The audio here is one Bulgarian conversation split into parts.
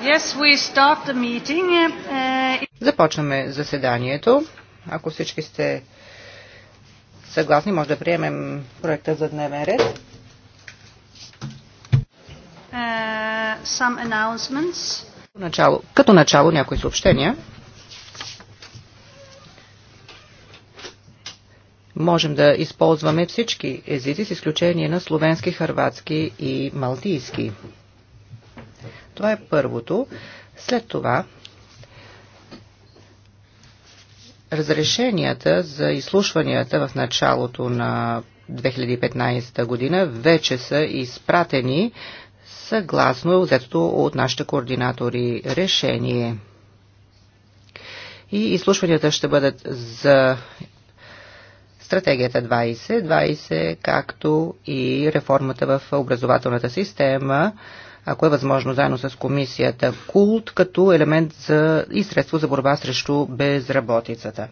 Uh, uh, Започваме заседанието. Ако всички сте съгласни, може да приемем проекта за дневен ред. Uh, some announcements. Начало, като начало някои съобщения. Можем да използваме всички езици с изключение на словенски, хърватски и малтийски. Това е първото. След това разрешенията за изслушванията в началото на 2015 година вече са изпратени съгласно взетото от нашите координатори решение. И изслушванията ще бъдат за стратегията 2020, 20, както и реформата в образователната система, ако е възможно, заедно с комисията КУЛТ, като елемент за, и средство за борба срещу безработицата.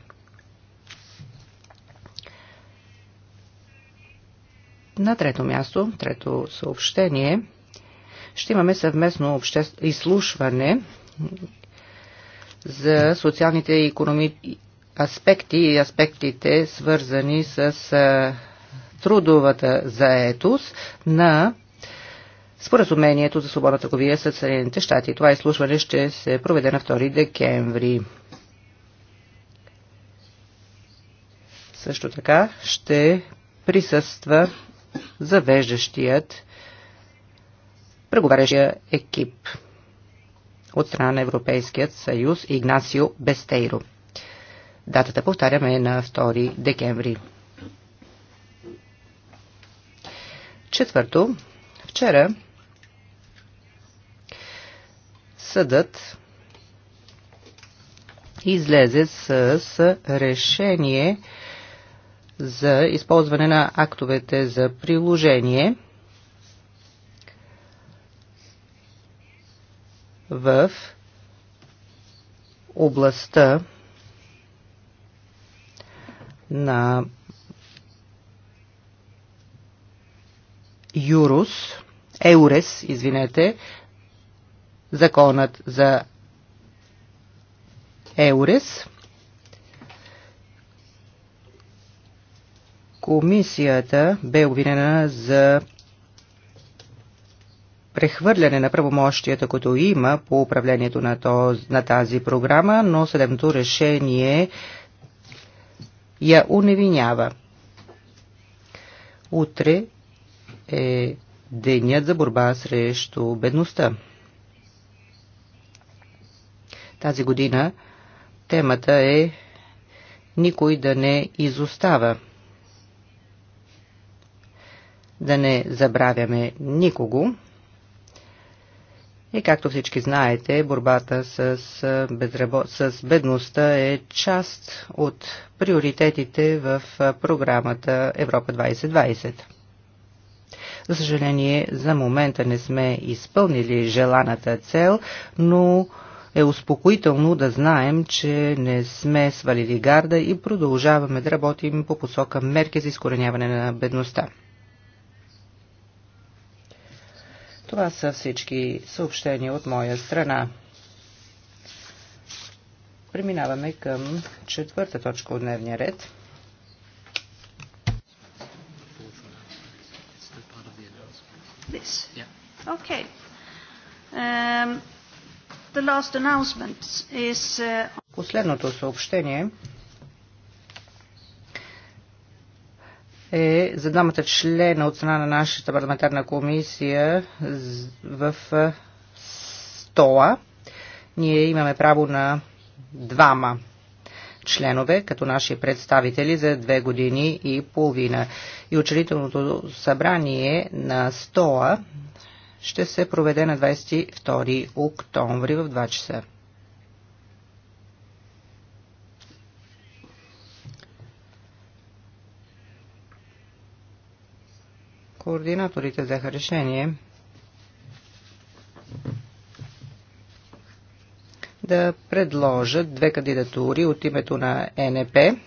На трето място, трето съобщение, ще имаме съвместно обще... изслушване за социалните и економи... аспекти и аспектите свързани с трудовата заетост на споразумението за свободна търговия с Съединените щати. Това изслушване ще се проведе на 2 декември. Също така ще присъства завеждащият преговарящия екип от страна на Европейският съюз Игнасио Бестейро. Датата, повтаряме, е на 2 декември. Четвърто, вчера съдът излезе с, с решение за използване на актовете за приложение в областта на Юрус, Еурес, извинете, законът за Еурес. Комисията бе обвинена за прехвърляне на правомощията, които има по управлението на, то, на тази програма, но съдебното решение я уневинява. Утре е денят за борба срещу бедността. Тази година темата е никой да не изостава. Да не забравяме никого. И както всички знаете, борбата с, безработ... с бедността е част от приоритетите в програмата Европа 2020. За съжаление, за момента не сме изпълнили желаната цел, но е успокоително да знаем, че не сме свалили гарда и продължаваме да работим по посока мерки за изкореняване на бедността. Това са всички съобщения от моя страна. Преминаваме към четвърта точка от дневния ред. This. Yeah. Okay. Um, Is... Uh, Последното съобщение е за двамата члена от страна на нашата парламентарна комисия в СТОА. Ние имаме право на двама членове, като наши представители за две години и половина. И учредителното събрание на СТОА ще се проведе на 22 октомври в 2 часа. Координаторите взеха решение да предложат две кандидатури от името на НП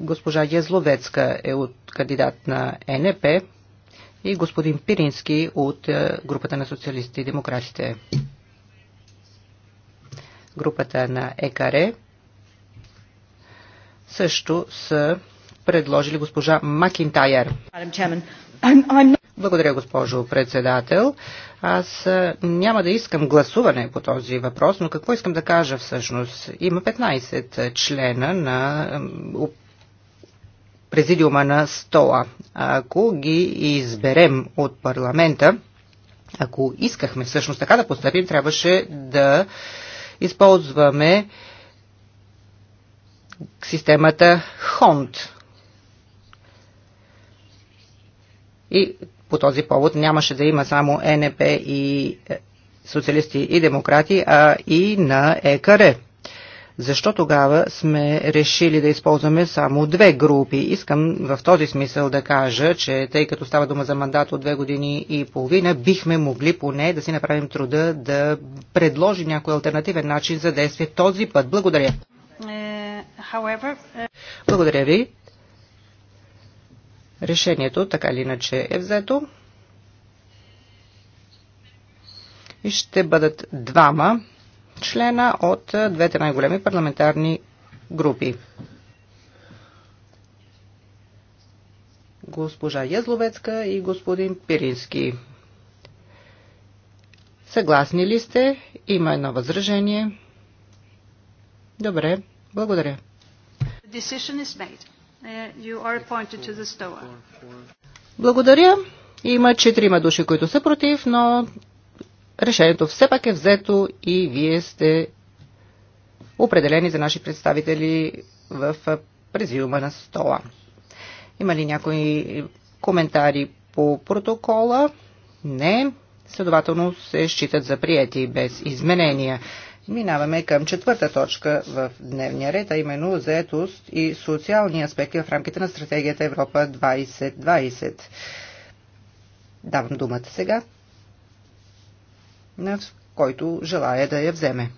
Госпожа Язловецка е от кандидат на НП и господин Пирински от е, групата на социалистите и демократите. Групата на ЕКАРЕ също са предложили госпожа Макинтайер. Благодаря, госпожо председател. Аз е, няма да искам гласуване по този въпрос, но какво искам да кажа всъщност? Има 15 члена на президиума на СТОА. Ако ги изберем от парламента, ако искахме всъщност така да поступим, трябваше да използваме системата ХОНД. И по този повод нямаше да има само НП и е, социалисти и демократи, а и на ЕКРЕ. Защо тогава сме решили да използваме само две групи? Искам в този смисъл да кажа, че тъй като става дума за мандат от две години и половина, бихме могли поне да си направим труда да предложи някой альтернативен начин за действие този път. Благодаря. Е, е, Благодаря ви. Решението така или иначе е взето. И ще бъдат двама члена от е, двете най-големи парламентарни групи. Госпожа Язловецка и господин Пирински. Съгласни ли сте? Има едно възражение. Добре, благодаря. Uh, благодаря. Има четирима души, които са против, но решението все пак е взето и вие сте определени за наши представители в презиума на стола. Има ли някои коментари по протокола? Не. Следователно се считат за прияти без изменения. Минаваме към четвърта точка в дневния ред, а именно заетост и социални аспекти в рамките на стратегията Европа 2020. Давам думата сега на който желая да я вземе.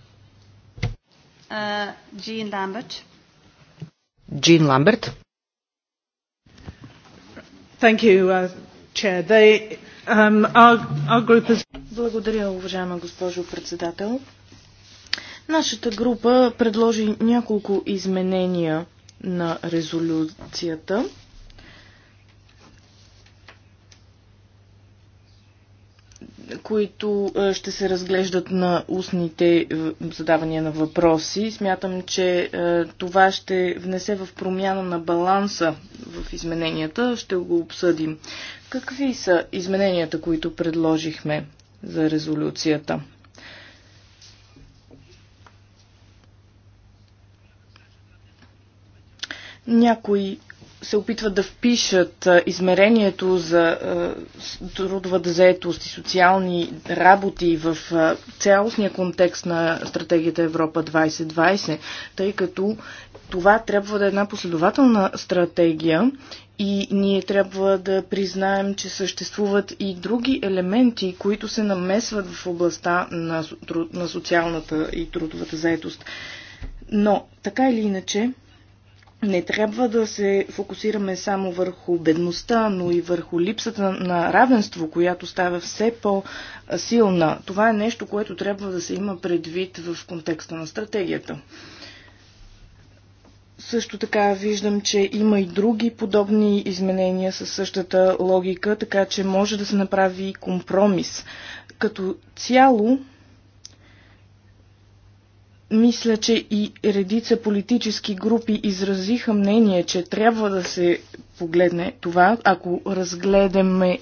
Джин Ламберт. Джин Ламберт. Uh, um, Благодаря, уважаема госпожо председател. Нашата група предложи няколко изменения на резолюцията. които е, ще се разглеждат на устните е, задавания на въпроси. Смятам, че е, това ще внесе в промяна на баланса в измененията. Ще го обсъдим. Какви са измененията, които предложихме за резолюцията? Някои се опитват да впишат измерението за трудовата заетост и социални работи в цялостния контекст на стратегията Европа 2020, тъй като това трябва да е една последователна стратегия и ние трябва да признаем, че съществуват и други елементи, които се намесват в областта на, на социалната и трудовата заетост. Но, така или иначе, не трябва да се фокусираме само върху бедността, но и върху липсата на равенство, която става все по-силна. Това е нещо, което трябва да се има предвид в контекста на стратегията. Също така виждам, че има и други подобни изменения със същата логика, така че може да се направи компромис. Като цяло мисля, че и редица политически групи изразиха мнение, че трябва да се погледне това. Ако разгледаме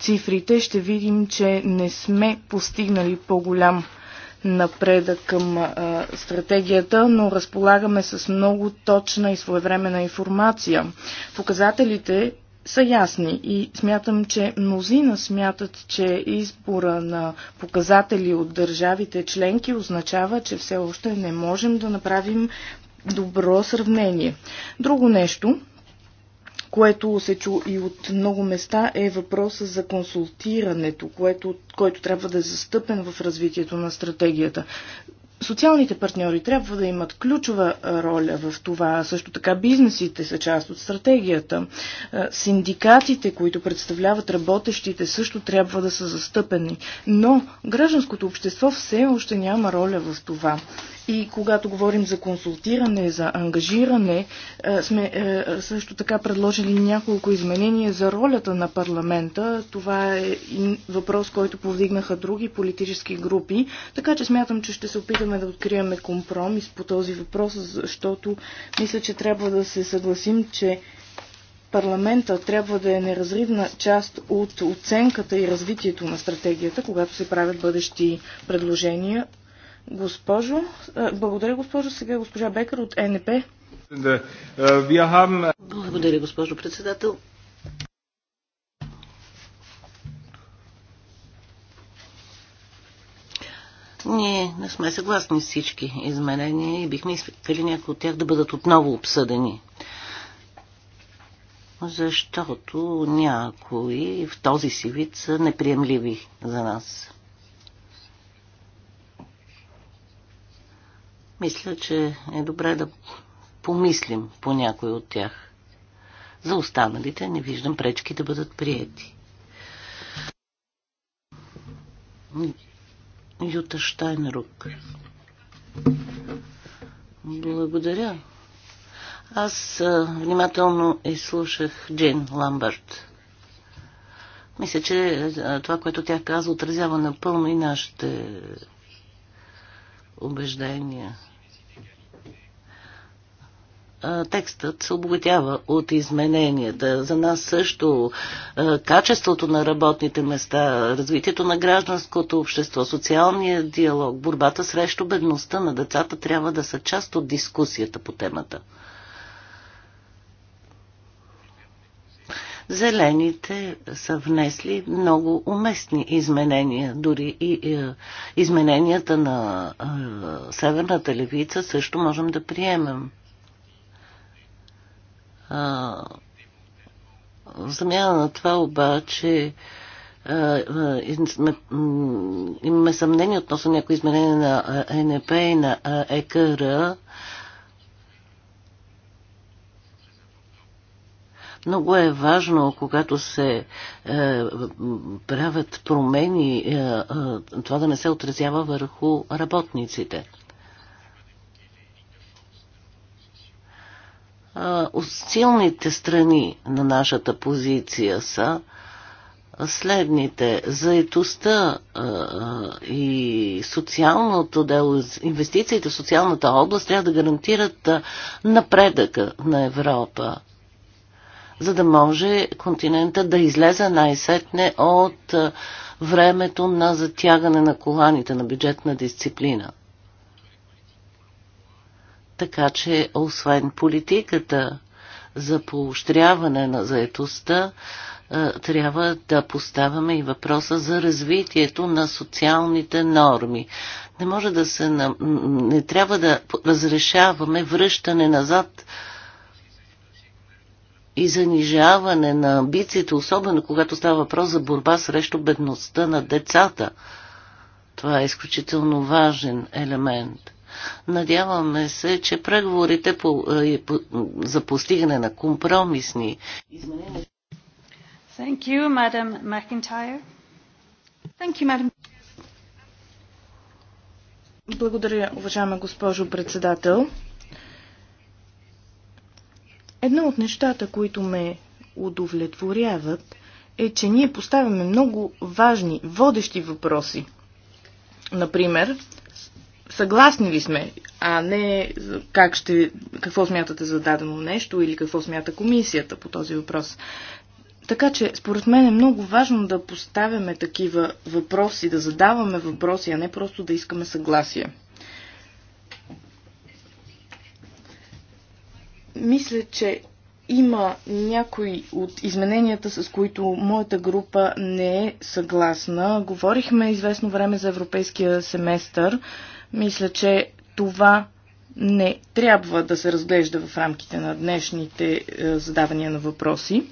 цифрите, ще видим, че не сме постигнали по-голям напредък към а, стратегията, но разполагаме с много точна и своевременна информация. Показателите са ясни и смятам, че мнозина смятат, че избора на показатели от държавите членки означава, че все още не можем да направим добро сравнение. Друго нещо, което се чу и от много места, е въпроса за консултирането, което, който трябва да е застъпен в развитието на стратегията. Социалните партньори трябва да имат ключова роля в това. Също така бизнесите са част от стратегията. Синдикатите, които представляват работещите, също трябва да са застъпени. Но гражданското общество все още няма роля в това. И когато говорим за консултиране, за ангажиране, е, сме е, също така предложили няколко изменения за ролята на парламента. Това е въпрос, който повдигнаха други политически групи. Така че смятам, че ще се опитаме да открием компромис по този въпрос, защото мисля, че трябва да се съгласим, че парламента трябва да е неразривна част от оценката и развитието на стратегията, когато се правят бъдещи предложения, Госпожо, благодаря госпожо. Сега е госпожа Бекър от НП. Благодаря, госпожо председател. Ние не сме съгласни с всички изменения и бихме искали някои от тях да бъдат отново обсъдени. Защото някои в този си вид са неприемливи за нас. Мисля, че е добре да помислим по някой от тях. За останалите не виждам пречки да бъдат приети. Юта Штайнрук. Благодаря. Аз а, внимателно изслушах Джин Ламбърт. Мисля, че а, това, което тя каза, отразява напълно и нашите убеждения текстът се обогатява от измененията. За нас също качеството на работните места, развитието на гражданското общество, социалния диалог, борбата срещу бедността на децата трябва да са част от дискусията по темата. Зелените са внесли много уместни изменения, дори и е, измененията на е, Северната левица също можем да приемем. А, в замяна на това обаче имаме съмнение относно някои изменения на НП и на ЕКР. Много е важно, когато се е, правят промени, е, е, това да не се отразява върху работниците. силните страни на нашата позиция са следните. Заетостта и социалното дело, инвестициите в социалната област трябва да гарантират напредъка на Европа, за да може континента да излезе най-сетне от времето на затягане на коланите на бюджетна дисциплина. Така че, освен политиката за поощряване на заетостта, е, трябва да поставяме и въпроса за развитието на социалните норми. Не може да се. Не трябва да разрешаваме връщане назад и занижаване на амбициите, особено когато става въпрос за борба срещу бедността на децата. Това е изключително важен елемент. Надяваме се, че преговорите по, е, по, за постигане на компромисни изменения. Благодаря, уважаема госпожо председател. Едно от нещата, които ме удовлетворяват, е, че ние поставяме много важни, водещи въпроси. Например, съгласни ли сме, а не как ще, какво смятате за дадено нещо или какво смята комисията по този въпрос. Така че, според мен е много важно да поставяме такива въпроси, да задаваме въпроси, а не просто да искаме съгласие. Мисля, че има някои от измененията, с които моята група не е съгласна. Говорихме известно време за европейския семестър. Мисля, че това не трябва да се разглежда в рамките на днешните е, задавания на въпроси.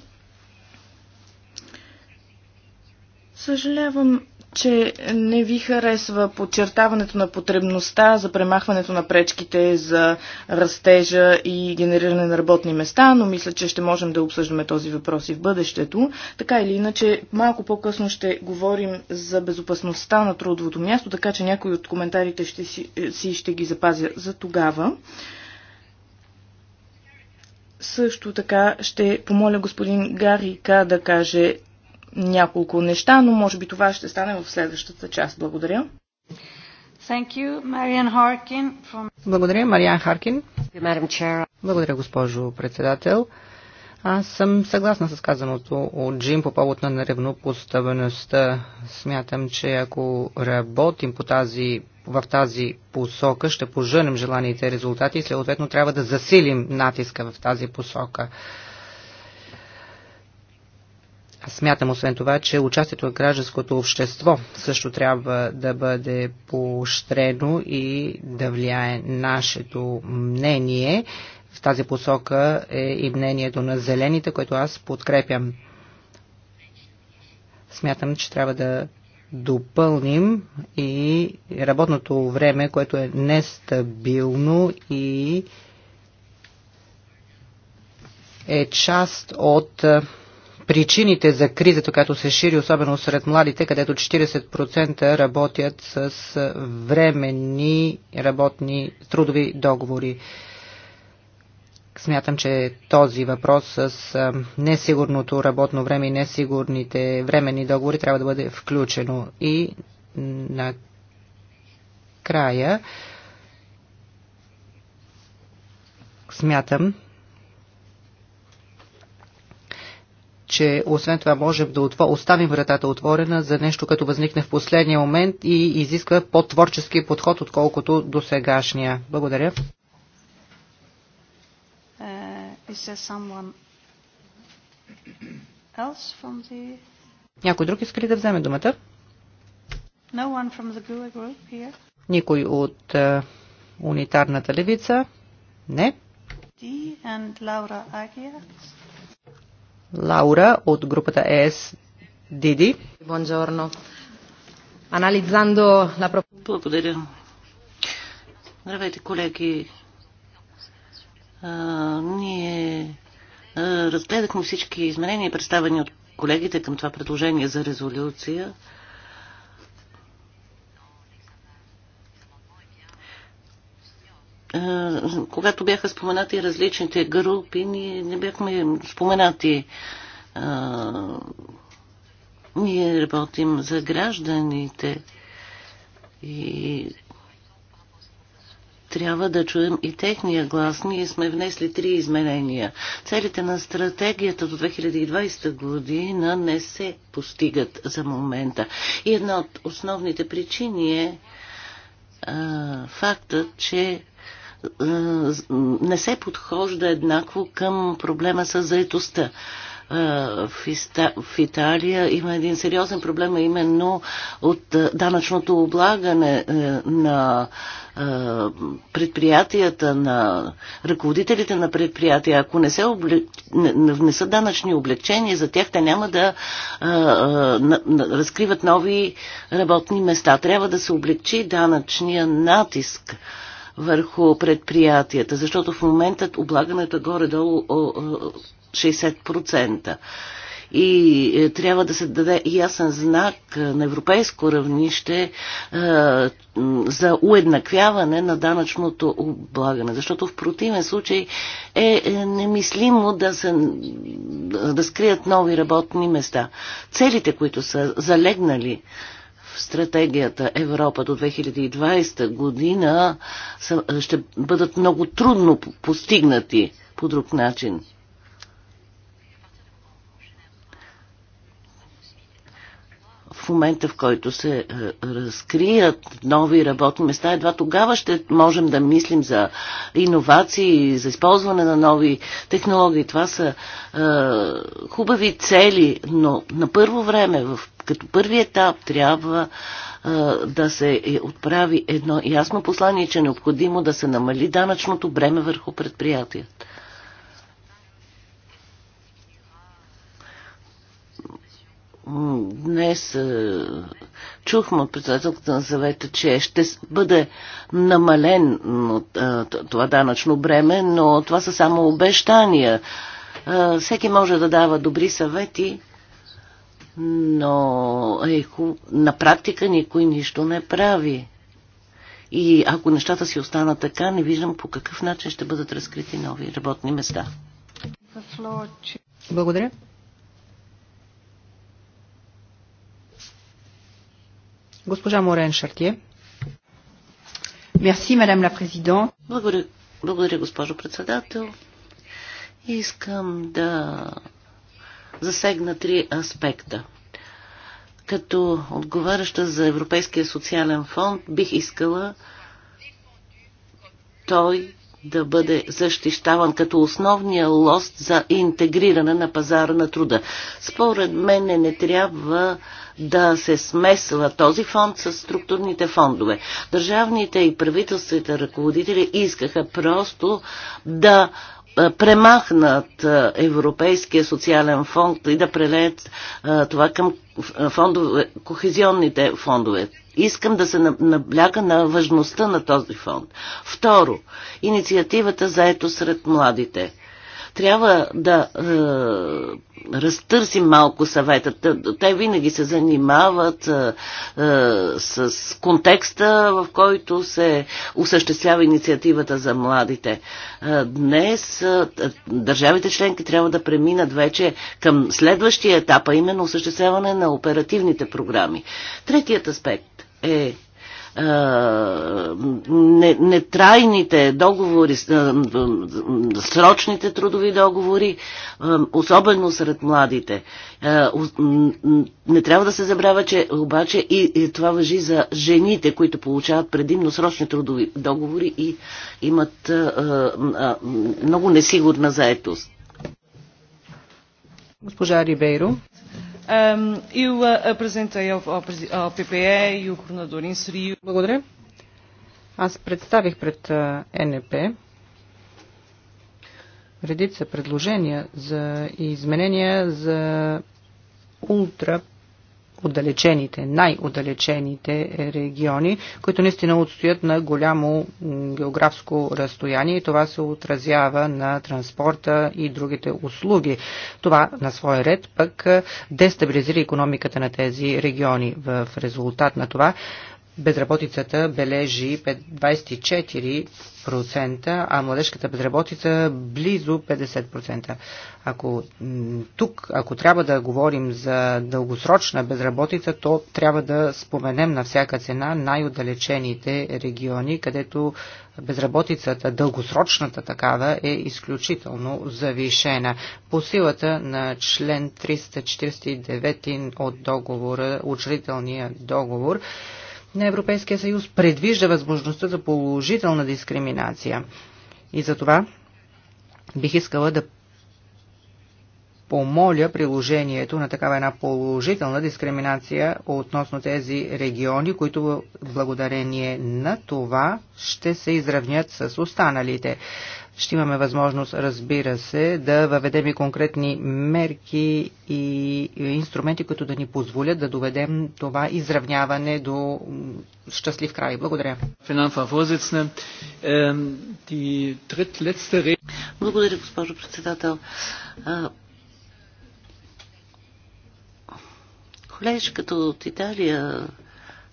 Съжалявам, че не ви харесва подчертаването на потребността за премахването на пречките за растежа и генериране на работни места, но мисля, че ще можем да обсъждаме този въпрос и в бъдещето. Така или иначе, малко по-късно ще говорим за безопасността на трудовото място, така че някои от коментарите ще си, си ще ги запазя за тогава. Също така ще помоля господин Гарика да каже няколко неща, но може би това ще стане в следващата част. Благодаря. Thank you, Marian Harkin from... Благодаря, Мариан Харкин. Благодаря, госпожо председател. Аз съм съгласна с казаното от Джим по повод на неревнопоставеността. Смятам, че ако работим по тази, в тази посока, ще поженем желаните резултати и следователно трябва да засилим натиска в тази посока. Смятам освен това, че участието на гражданското общество също трябва да бъде поощрено и да влияе нашето мнение. В тази посока е и мнението на зелените, което аз подкрепям. Смятам, че трябва да допълним и работното време, което е нестабилно и е част от причините за кризата, която се шири, особено сред младите, където 40% работят с временни работни трудови договори. Смятам, че този въпрос с несигурното работно време и несигурните временни договори трябва да бъде включено. И на края смятам, че освен това можем да оставим вратата отворена за нещо, като възникне в последния момент и изисква по-творчески подход, отколкото до сегашния. Благодаря. Uh, Някой друг иска ли да вземе думата? No Никой от uh, унитарната левица? Не. Лаура от групата ЕС Диди. Бонжорно. Анализando la Благодаря. Здравейте, колеги. А, ние а, разгледахме всички изменения, представени от колегите към това предложение за резолюция. когато бяха споменати различните групи, ние не бяхме споменати. Ние работим за гражданите и трябва да чуем и техния глас. Ние сме внесли три изменения. Целите на стратегията до 2020 година не се постигат за момента. И една от основните причини е а, факта, че е, не се подхожда еднакво към проблема с заетостта. Е, в Италия има един сериозен проблем, именно от е, данъчното облагане на предприятията, на ръководителите на предприятия, ако не се облег... внесат данъчни облегчения, за тях те няма да разкриват нови работни места. Трябва да се облегчи данъчния натиск върху предприятията, защото в момента облагането е горе-долу 60%. И е, трябва да се даде ясен знак е, на европейско равнище е, за уеднаквяване на данъчното облагане, защото в противен случай е немислимо да се да скрият нови работни места. Целите, които са залегнали стратегията Европа до 2020 година ще бъдат много трудно постигнати по друг начин. в момента, в който се е, разкрият нови работни места, едва тогава ще можем да мислим за иновации, за използване на нови технологии. Това са е, хубави цели, но на първо време, в, като първи етап, трябва е, да се е, отправи едно ясно послание, че е необходимо да се намали данъчното бреме върху предприятията. Днес е, чухме от председателката на съвета, че ще бъде намален е, това данъчно бреме, но това са само обещания. Е, всеки може да дава добри съвети, но на практика никой нищо не прави. И ако нещата си останат така, не виждам по какъв начин ще бъдат разкрити нови работни места. Благодаря. Госпожа Морен Шартие. Мерси, мадам ла президент. Благодаря, благодаря, госпожо председател. Искам да засегна три аспекта. Като отговаряща за Европейския социален фонд, бих искала той да бъде защищаван като основния лост за интегриране на пазара на труда. Според мен не трябва да се смесва този фонд с структурните фондове. Държавните и правителствените ръководители искаха просто да премахнат Европейския социален фонд и да прелеят това към фондове, кохезионните фондове. Искам да се набляга на важността на този фонд. Второ, инициативата за ето сред младите. Трябва да е, разтърсим малко съвета. Те винаги се занимават е, е, с контекста, в който се осъществява инициативата за младите. Е, днес е, е, държавите членки трябва да преминат вече към следващия етап, а именно осъществяване на оперативните програми. Третият аспект е е, нетрайните договори, е, срочните трудови договори, е, особено сред младите. Не трябва да се забравя, че обаче и това въжи за жените, които получават предимно срочни трудови договори и имат много несигурна заетост. Госпожа Рибейро. Благодаря. Аз представих пред НП редица предложения за изменения за ултра отдалечените, най-отдалечените е, региони, които наистина отстоят на голямо географско разстояние и това се отразява на транспорта и другите услуги. Това на свой ред пък е, дестабилизира економиката на тези региони. В резултат на това безработицата бележи 24%, а младежката безработица близо 50%. Ако тук, ако трябва да говорим за дългосрочна безработица, то трябва да споменем на всяка цена най-отдалечените региони, където безработицата, дългосрочната такава, е изключително завишена. По силата на член 349 от договора, учредителния договор, на Европейския съюз предвижда възможността за положителна дискриминация. И за това бих искала да помоля приложението на такава една положителна дискриминация относно тези региони, които благодарение на това ще се изравнят с останалите. Ще имаме възможност, разбира се, да въведем и конкретни мерки и инструменти, които да ни позволят да доведем това изравняване до щастлив край. Благодаря. Благодаря, госпожо председател. Колежката от Италия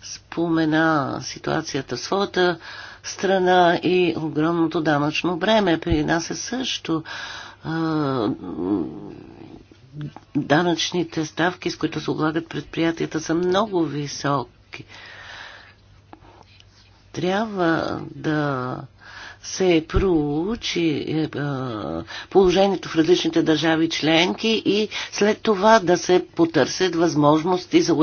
спомена ситуацията в своята страна и огромното данъчно бреме. При нас е също данъчните ставки, с които се облагат предприятията, са много високи. Трябва да се проучи е, е, положението в различните държави членки и след това да се потърсят възможности за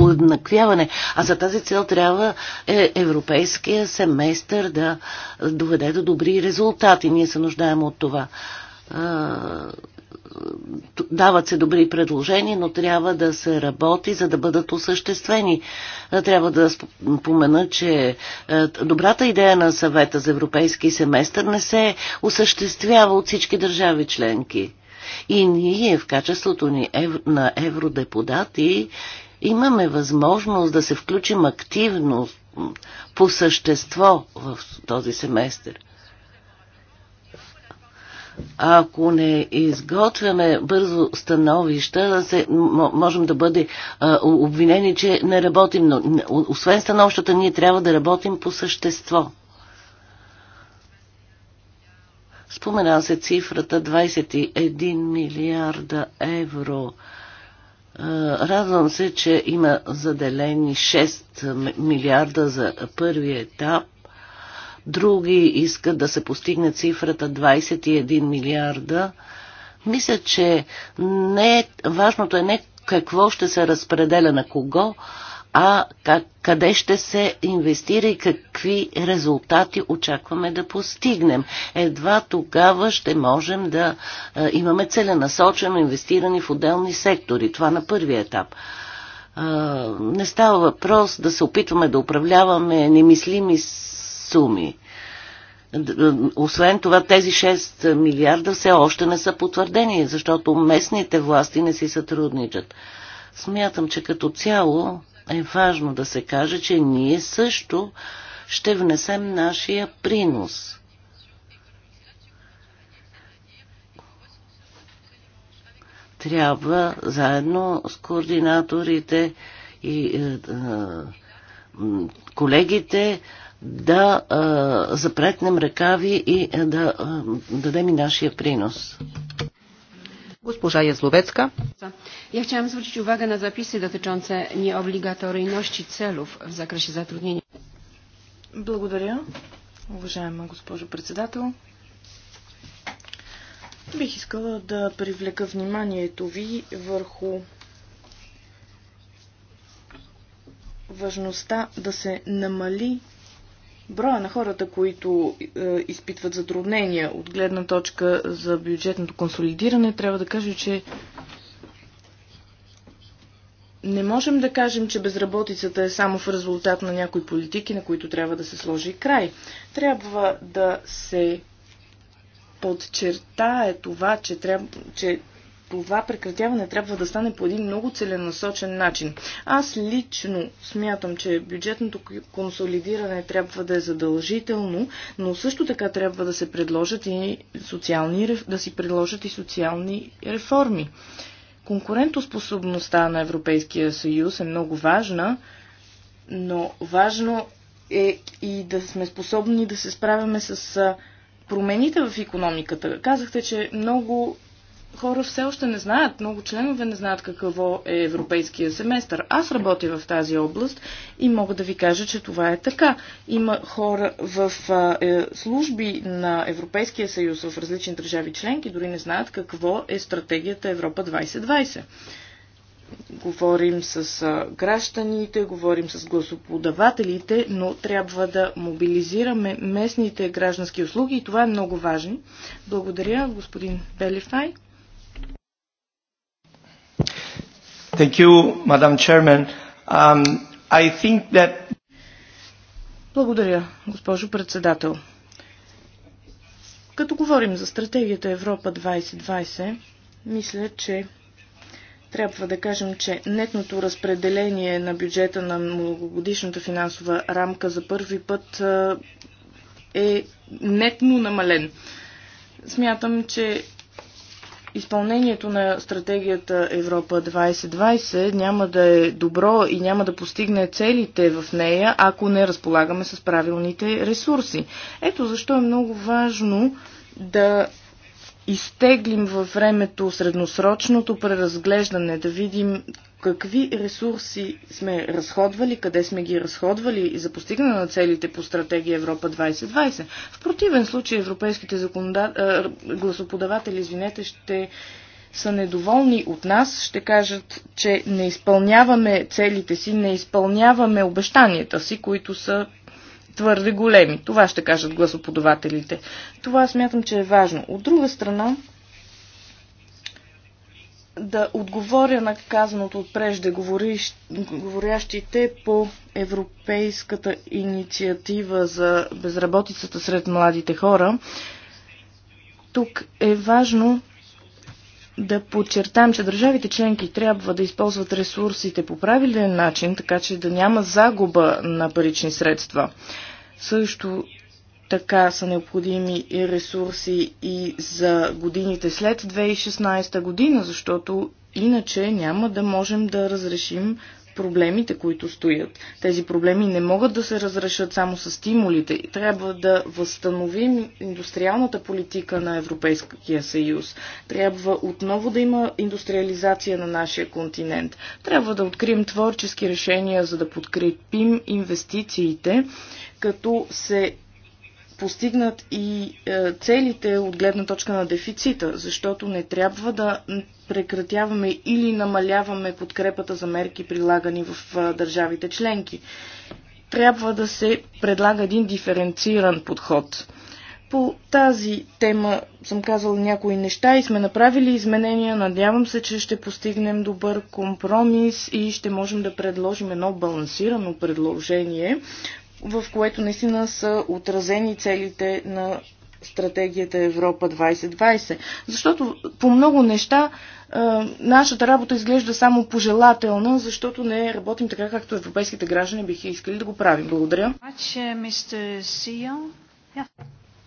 уеднаквяване. А за тази цел трябва е, европейския семестър да доведе до добри резултати. Ние се нуждаем от това дават се добри предложения, но трябва да се работи, за да бъдат осъществени. Е, трябва да спомена, че е, добрата идея на съвета за европейски семестър не се осъществява от всички държави членки. И ние в качеството ни на евродепутати имаме възможност да се включим активно по същество в този семестър ако не изготвяме бързо становища, се, можем да бъде а, обвинени, че не работим. Но, освен становищата, ние трябва да работим по същество. Спомена се цифрата 21 милиарда евро. Радвам се, че има заделени 6 милиарда за първи етап други искат да се постигне цифрата 21 милиарда. Мисля, че не, е- важното е не какво ще се разпределя на кого, а как, къде ще се инвестира и какви резултати очакваме да постигнем. Едва тогава ще можем да а, е, имаме целенасочено инвестирани в отделни сектори. Това на първия етап. А, е, не става въпрос да се опитваме да управляваме немислими суми. Освен това, тези 6 милиарда все още не са потвърдени, защото местните власти не си сътрудничат. Смятам, че като цяло е важно да се каже, че ние също ще внесем нашия принос. Трябва заедно с координаторите и е, е, колегите да а, запретнем ръкави и а, да а, дадем и нашия принос. Госпожа хотела Ja chciałam zwrócić uwagę na zapisy dotyczące nieobligatoryjności celów w zakresie zatrudnienia. Благодаря, уважаема госпожо председател. Бих искала да привлека вниманието ви върху важността да се намали броя на хората, които е, изпитват затруднения от гледна точка за бюджетното консолидиране, трябва да кажа, че не можем да кажем, че безработицата е само в резултат на някои политики, на които трябва да се сложи край. Трябва да се подчертае това, че, трябва, че това прекратяване трябва да стане по един много целенасочен начин. Аз лично смятам, че бюджетното консолидиране трябва да е задължително, но също така трябва да се предложат и социални, да си предложат и социални реформи. Конкурентоспособността на Европейския съюз е много важна, но важно е и да сме способни да се справяме с промените в економиката. Казахте, че много хора все още не знаят, много членове не знаят какво е европейския семестър. Аз работя в тази област и мога да ви кажа, че това е така. Има хора в е, служби на Европейския съюз в различни държави членки, дори не знаят какво е стратегията Европа 2020 говорим с гражданите, говорим с гласоподавателите, но трябва да мобилизираме местните граждански услуги и това е много важно. Благодаря, господин Белифай. Thank you, Madam Chairman. Um, I think that... Благодаря, госпожо председател. Като говорим за стратегията Европа 2020, мисля, че трябва да кажем, че нетното разпределение на бюджета на многогодишната финансова рамка за първи път е нетно намален. Смятам, че изпълнението на стратегията Европа 2020 няма да е добро и няма да постигне целите в нея, ако не разполагаме с правилните ресурси. Ето защо е много важно да изтеглим във времето средносрочното преразглеждане, да видим какви ресурси сме разходвали, къде сме ги разходвали и за постигане на целите по стратегия Европа 2020. В противен случай европейските законода... гласоподаватели, извинете, ще са недоволни от нас, ще кажат, че не изпълняваме целите си, не изпълняваме обещанията си, които са твърде големи. Това ще кажат гласоподавателите. Това смятам, че е важно. От друга страна, да отговоря на казаното от преждеговорящите по Европейската инициатива за безработицата сред младите хора. Тук е важно да подчертаем, че държавите членки трябва да използват ресурсите по правилен начин, така че да няма загуба на парични средства. Също така са необходими и ресурси и за годините след 2016 година, защото иначе няма да можем да разрешим проблемите, които стоят. Тези проблеми не могат да се разрешат само с стимулите. Трябва да възстановим индустриалната политика на Европейския съюз. Трябва отново да има индустриализация на нашия континент. Трябва да открием творчески решения, за да подкрепим инвестициите, като се постигнат и е, целите от гледна точка на дефицита, защото не трябва да прекратяваме или намаляваме подкрепата за мерки прилагани в е, държавите членки. Трябва да се предлага един диференциран подход. По тази тема съм казала някои неща и сме направили изменения. Надявам се, че ще постигнем добър компромис и ще можем да предложим едно балансирано предложение, в което наистина са отразени целите на стратегията Европа 2020. Защото по много неща е, нашата работа изглежда само пожелателна, защото не работим така, както европейските граждани биха искали да го правим. Благодаря.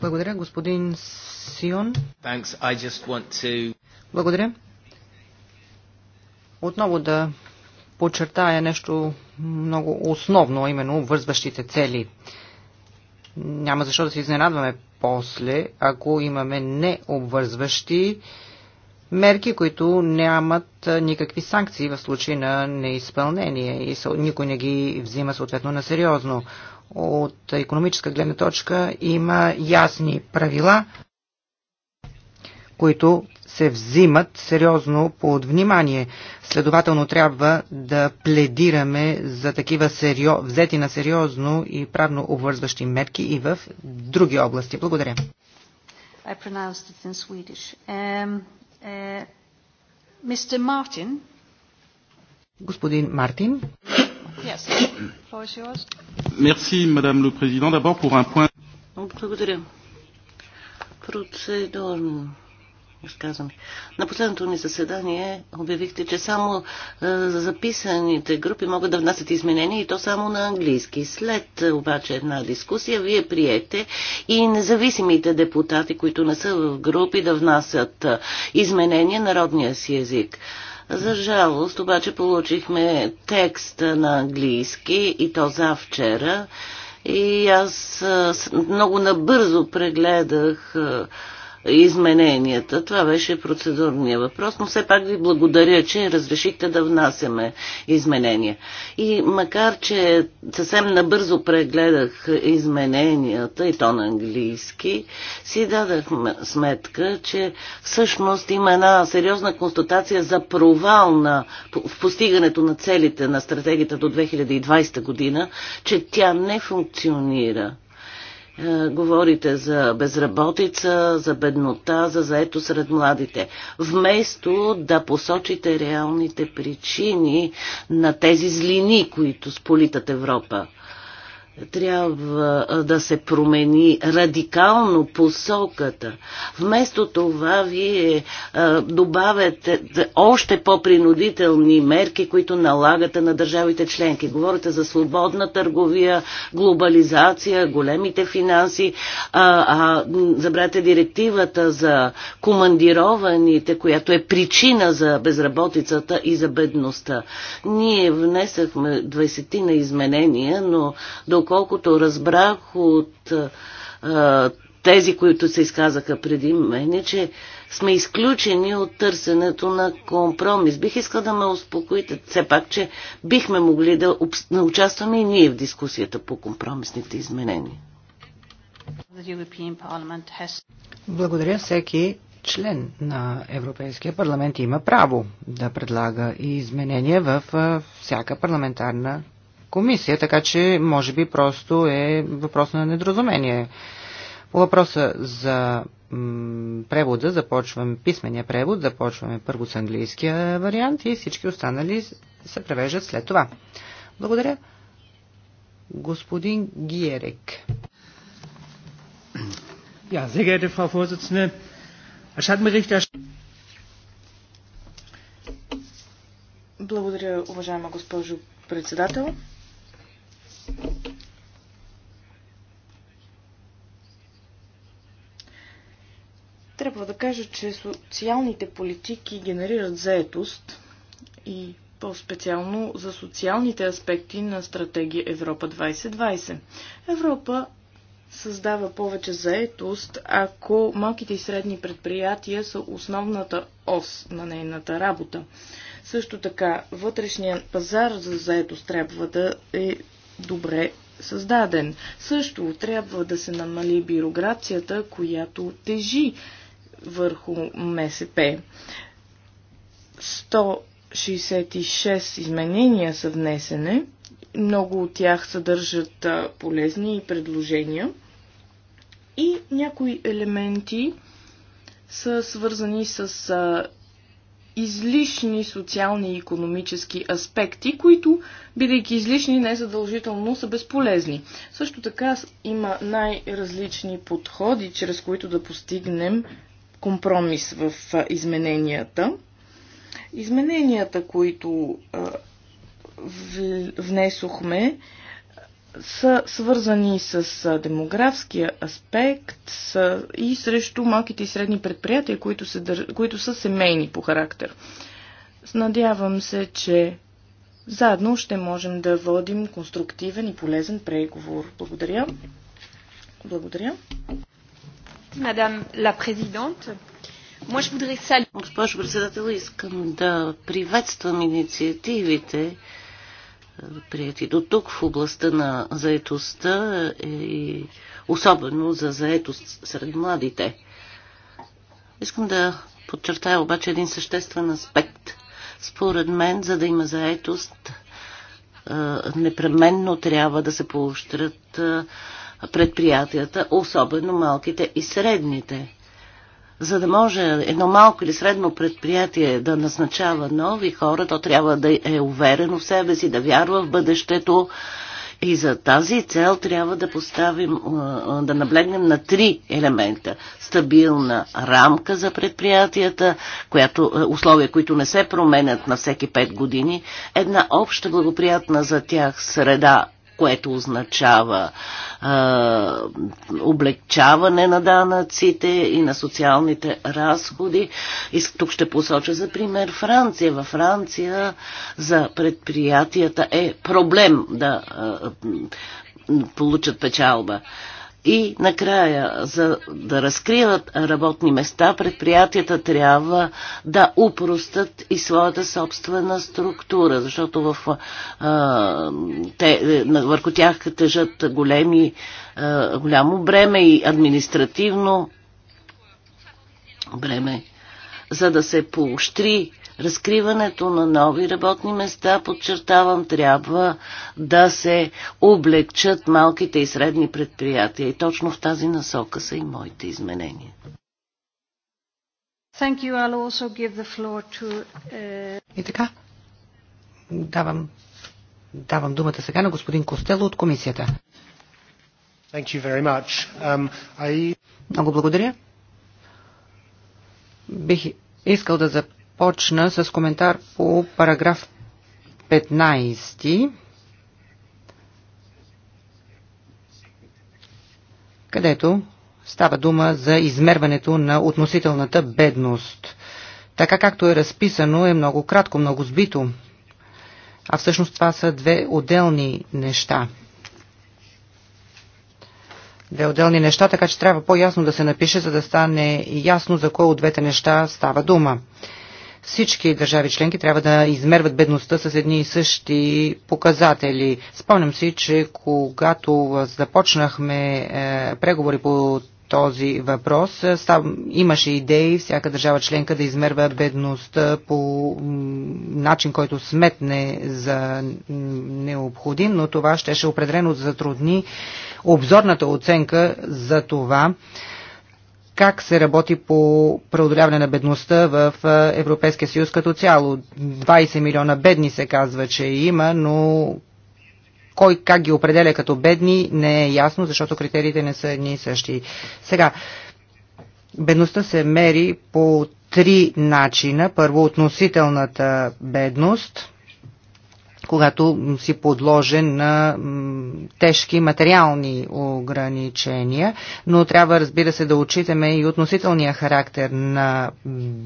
Благодаря, господин Сион. Благодаря. Отново да подчертая нещо много основно, именно вързващите цели. Няма защо да се изненадваме после, ако имаме необвързващи мерки, които нямат никакви санкции в случай на неизпълнение и никой не ги взима съответно на сериозно. От економическа гледна точка има ясни правила, които се взимат сериозно под внимание. Следователно трябва да пледираме за такива серио... взети на сериозно и правно обвързващи мерки и в други области. Благодаря. I pronounced it in Swedish. Um, uh, Mr. Martin. Господин Мартин. Yes. Floor is yours. Merci, Madame le Président. D'abord pour un point. Благодаря. Процедурно изказване. На последното ни заседание обявихте, че само е, записаните групи могат да внасят изменения и то само на английски. След е, обаче една дискусия, вие приете и независимите депутати, които не са в групи, да внасят е, изменения народния си език. За жалост, обаче получихме текста на английски и то завчера. И аз е, много набързо прегледах е, измененията. Това беше процедурния въпрос, но все пак ви благодаря, че разрешихте да внасяме изменения. И макар, че съвсем набързо прегледах измененията, и то на английски, си дадах сметка, че всъщност има една сериозна констатация за провал на, в постигането на целите на стратегията до 2020 година, че тя не функционира е, говорите за безработица, за беднота, за заето сред младите, вместо да посочите реалните причини на тези злини, които сполитат Европа трябва да се промени радикално посоката. Вместо това вие добавяте още по-принудителни мерки, които налагате на държавите членки. Говорите за свободна търговия, глобализация, големите финанси, а, а забравяте директивата за командированите, която е причина за безработицата и за бедността. Ние внесахме 20 на изменения, но до доколкото разбрах от а, тези, които се изказаха преди мен, е, че сме изключени от търсенето на компромис. Бих искал да ме успокоите все пак, че бихме могли да участваме и ние в дискусията по компромисните изменения. Благодаря. Всеки член на Европейския парламент има право да предлага и изменения в всяка парламентарна комисия, така че може би просто е въпрос на недоразумение. По въпроса за превода започваме, писмения превод, започваме първо с английския вариант и всички останали се превеждат след това. Благодаря. Господин Гиерек. Ja, sehr geehrte Frau Vorsitzende, Herr Schattenberichterstatter. Благодаря, уважаема госпожо председател. Трябва да кажа, че социалните политики генерират заетост и по-специално за социалните аспекти на стратегия Европа 2020. Европа създава повече заетост, ако малките и средни предприятия са основната ос на нейната работа. Също така, вътрешният пазар за заетост трябва да е добре създаден. Също трябва да се намали бюрокрацията, която тежи върху МСП. 166 изменения са внесене. Много от тях съдържат полезни предложения. И някои елементи са свързани с излишни социални и економически аспекти, които, бидейки излишни, не задължително са безполезни. Също така има най-различни подходи, чрез които да постигнем компромис в измененията. Измененията, които внесохме, са свързани с демографския аспект и срещу малките и средни предприятия, които, се, които са семейни по характер. Надявам се, че заедно ще можем да водим конструктивен и полезен преговор. Благодаря. Благодаря. Госпожо председател, искам да приветствам инициативите, прияти до тук в областта на заетостта е, и особено за заетост сред младите. Искам да подчертая обаче един съществен аспект. Според мен, за да има заетост, е, непременно трябва да се поощрят е, предприятията, особено малките и средните. За да може едно малко или средно предприятие да назначава нови хора, то трябва да е уверено в себе си, да вярва в бъдещето. И за тази цел трябва да поставим, да наблегнем на три елемента. Стабилна рамка за предприятията, която, е, условия, които не се променят на всеки 5 години, една обща благоприятна за тях среда което означава а, облегчаване на данъците и на социалните разходи. И тук ще посоча за пример Франция. Във Франция за предприятията е проблем да а, получат печалба. А, и накрая, за да разкриват работни места, предприятията трябва да упростат и своята собствена структура, защото в, а, те, върху тях тежат големи, а, голямо бреме и административно бреме, за да се поощри Разкриването на нови работни места, подчертавам, трябва да се облегчат малките и средни предприятия. И точно в тази насока са и моите изменения. Thank you. I'll also give the floor to, uh... И така, давам, давам думата сега на господин Костело от комисията. Thank you very much. Um, I... Много благодаря. Бих искал да запитам започна с коментар по параграф 15, където става дума за измерването на относителната бедност. Така както е разписано е много кратко, много сбито. А всъщност това са две отделни неща. Две отделни неща, така че трябва по-ясно да се напише, за да стане ясно за кое от двете неща става дума всички държави членки трябва да измерват бедността с едни и същи показатели. Спомням си, че когато започнахме е, преговори по този въпрос. Е, став, имаше идеи всяка държава членка да измерва бедността по начин, който сметне за необходим, но това щеше определено затрудни обзорната оценка за това как се работи по преодоляване на бедността в Европейския съюз като цяло. 20 милиона бедни се казва, че има, но кой как ги определя като бедни не е ясно, защото критериите не са едни и същи. Сега, бедността се мери по три начина. Първо, относителната бедност – когато си подложен на тежки материални ограничения, но трябва, разбира се, да отчитаме и относителния характер на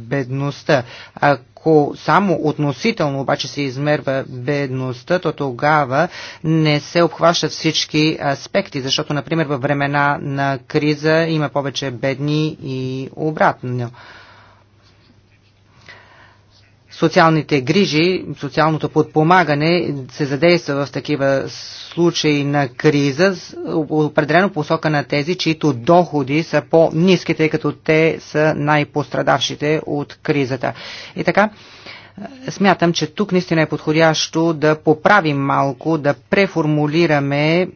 бедността. Ако само относително обаче се измерва бедността, то тогава не се обхващат всички аспекти, защото, например, във времена на криза има повече бедни и обратно социалните грижи, социалното подпомагане се задейства в такива случаи на криза, определено посока на тези, чието доходи са по-низки, тъй като те са най-пострадавшите от кризата. И така, смятам, че тук наистина е подходящо да поправим малко, да преформулираме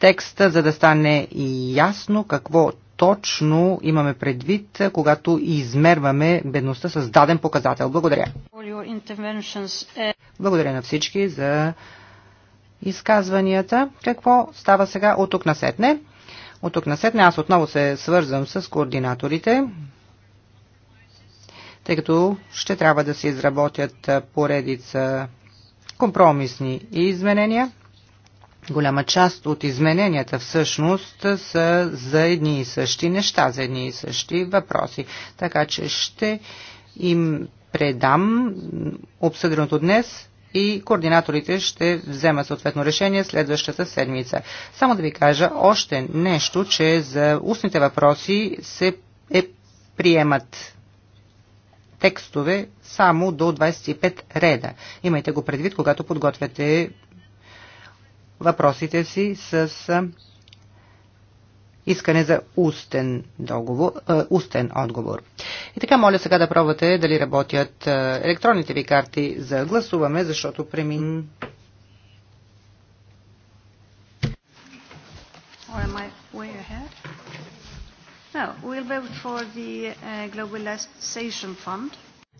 текста, за да стане ясно какво точно имаме предвид, е, когато измерваме бедността с даден показател. Благодаря. Е, Благодаря на всички за изказванията. Какво става сега от тук насетне? От тук насетне аз отново се свързвам с координаторите, тъй като ще трябва да се изработят е, поредица компромисни изменения. Голяма част от измененията всъщност са за едни и същи неща, за едни и същи въпроси. Така че ще им предам обсъденото днес и координаторите ще вземат съответно решение следващата седмица. Само да ви кажа още нещо, че за устните въпроси се е приемат текстове само до 25 реда. Имайте го предвид, когато подготвяте въпросите си с искане за устен, договор, э, устен отговор. И така, моля сега да пробвате дали работят електронните ви карти за гласуваме, защото премин... Or am I way ahead? No, we'll vote for the uh, Globalization Fund.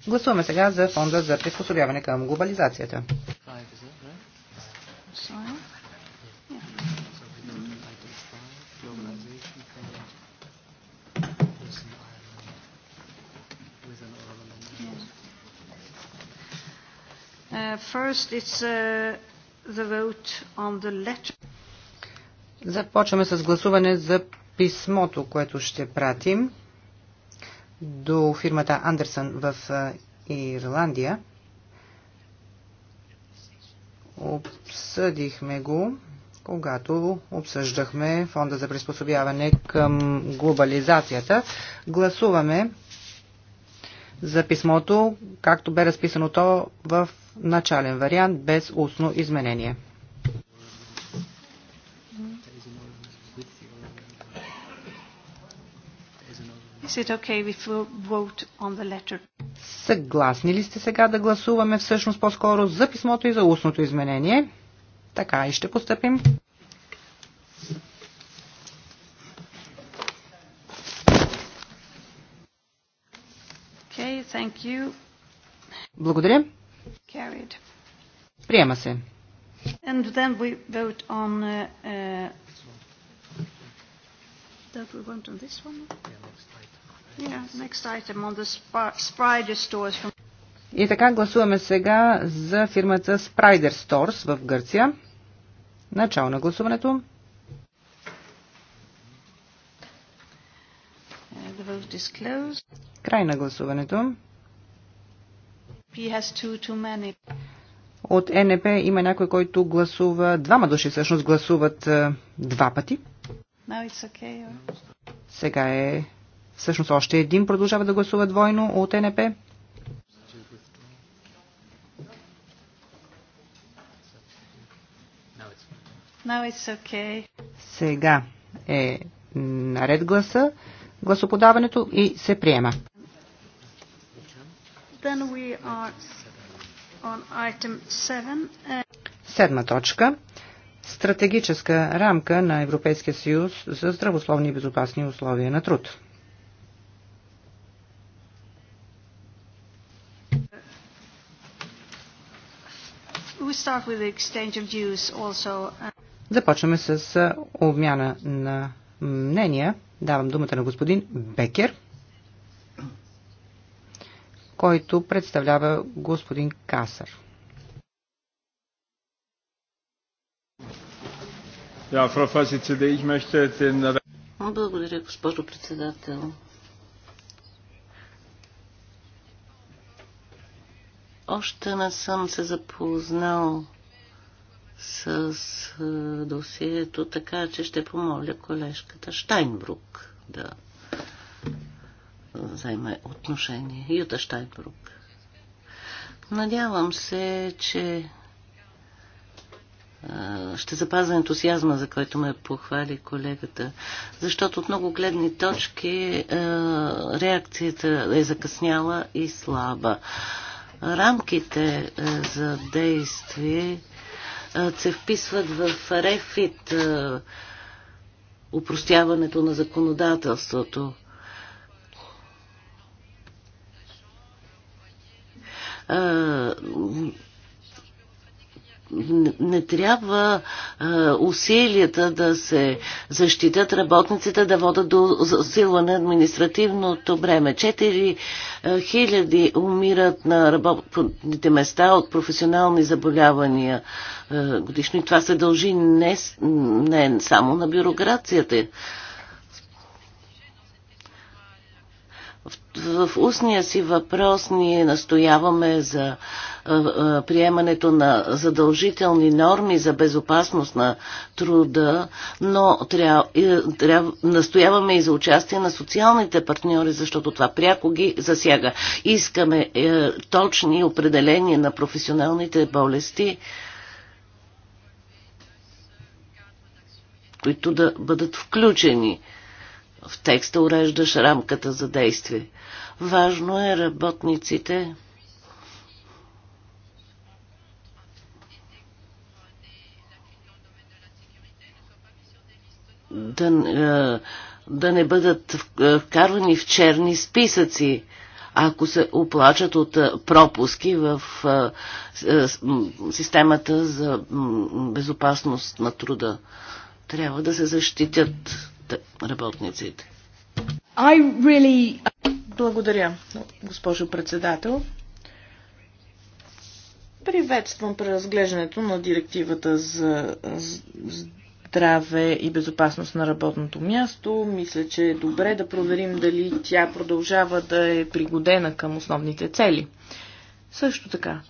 Гласуваме сега за фонда за приспособяване към глобализацията. Five, is it, right? Uh, uh, Започваме с гласуване за писмото, което ще пратим до фирмата Андерсън в Ирландия. Обсъдихме го, когато обсъждахме Фонда за приспособяване към глобализацията. Гласуваме за писмото, както бе разписано то в начален вариант, без устно изменение. Okay Съгласни ли сте сега да гласуваме всъщност по-скоро за писмото и за устното изменение? Така и ще поступим. Thank you. Благодаря. Carried. Приема се. And then we vote on uh, uh, that we want on this one. Yeah, next item on the stores from и така гласуваме сега за фирмата Sprider Stores в Гърция. Начало на гласуването. Край на гласуването. От НП има някой, който гласува... Двама души всъщност гласуват два пъти. Okay. Сега е... Всъщност още един продължава да гласува двойно от НП. Okay. Сега е наред гласа гласоподаването и се приема. Uh, Седма точка. Стратегическа рамка на Европейския съюз за здравословни и безопасни условия на труд. Uh, Започваме с обмяна на мнения. Давам думата на господин Бекер, който представлява господин Касър. Благодаря, госпожо председател. Още не съм се запознал с досието, така че ще помоля колежката Штайнбрук да вземе отношение. Юта Штайнбрук. Надявам се, че ще запазя ентусиазма, за който ме похвали колегата, защото от много гледни точки реакцията е закъсняла и слаба. Рамките за действие се вписват в рефит упростяването на законодателството не трябва усилията да се защитят работниците да водат до засилване на административното бреме. 4000 умират на работните места от професионални заболявания годишно и това се дължи не, не само на бюрокрацията в устния си въпрос ние настояваме за е, е, приемането на задължителни норми за безопасност на труда, но трябва, е, настояваме и за участие на социалните партньори, защото това пряко ги засяга. Искаме е, точни определения на професионалните болести, които да бъдат включени в текста уреждаш рамката за действие. Важно е работниците да, да не бъдат вкарвани в черни списъци, ако се оплачат от пропуски в системата за безопасност на труда. Трябва да се защитят работниците. I really... Благодаря, госпожо председател. Приветствам преразглеждането на директивата за здраве и безопасност на работното място. Мисля, че е добре да проверим дали тя продължава да е пригодена към основните цели. Също така,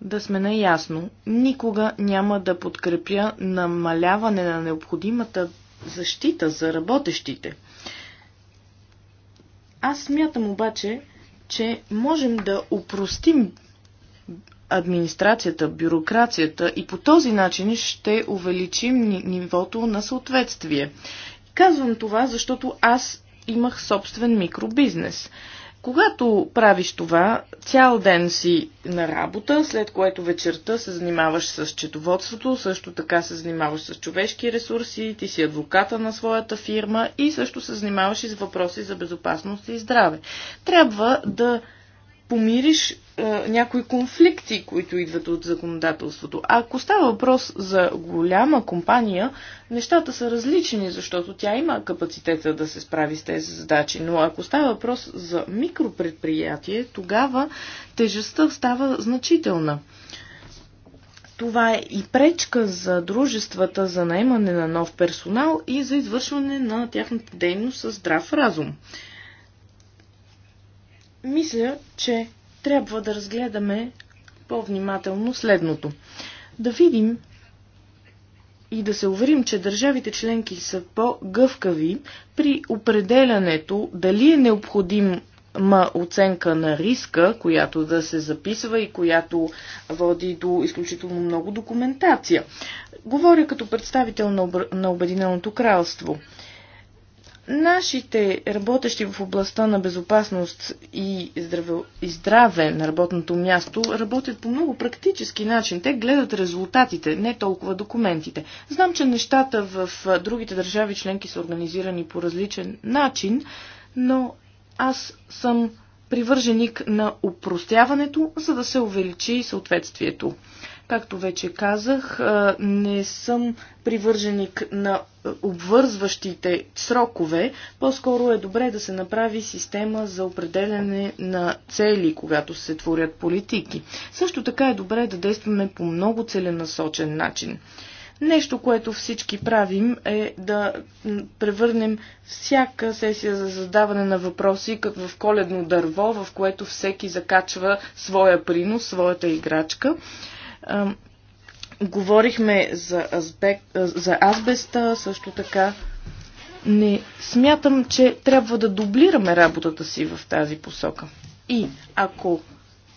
да сме наясно, никога няма да подкрепя намаляване на необходимата защита за работещите. Аз смятам обаче, че можем да упростим администрацията, бюрокрацията и по този начин ще увеличим нивото на съответствие. Казвам това, защото аз имах собствен микробизнес. Когато правиш това, цял ден си на работа, след което вечерта се занимаваш с четоводството, също така се занимаваш с човешки ресурси, ти си адвоката на своята фирма и също се занимаваш и с въпроси за безопасност и здраве. Трябва да помириш е, някои конфликти, които идват от законодателството. А ако става въпрос за голяма компания, нещата са различни, защото тя има капацитета да се справи с тези задачи. Но ако става въпрос за микропредприятие, тогава тежестта става значителна. Това е и пречка за дружествата за наемане на нов персонал и за извършване на тяхната дейност с здрав разум. Мисля, че трябва да разгледаме по-внимателно следното. Да видим и да се уверим, че държавите членки са по-гъвкави при определянето дали е необходим ма оценка на риска, която да се записва и която води до изключително много документация. Говоря като представител на, на Обединеното кралство. Нашите работещи в областта на безопасност и здраве, и здраве на работното място работят по много практически начин. Те гледат резултатите, не толкова документите. Знам, че нещата в другите държави членки са организирани по различен начин, но аз съм привърженик на упростяването, за да се увеличи съответствието. Както вече казах, не съм привърженик на обвързващите срокове. По-скоро е добре да се направи система за определене на цели, когато се творят политики. Също така е добре да действаме по много целенасочен начин. Нещо, което всички правим е да превърнем всяка сесия за задаване на въпроси като в коледно дърво, в което всеки закачва своя принос, своята играчка. Говорихме за, азбек, за азбеста, също така. Не смятам, че трябва да дублираме работата си в тази посока. И ако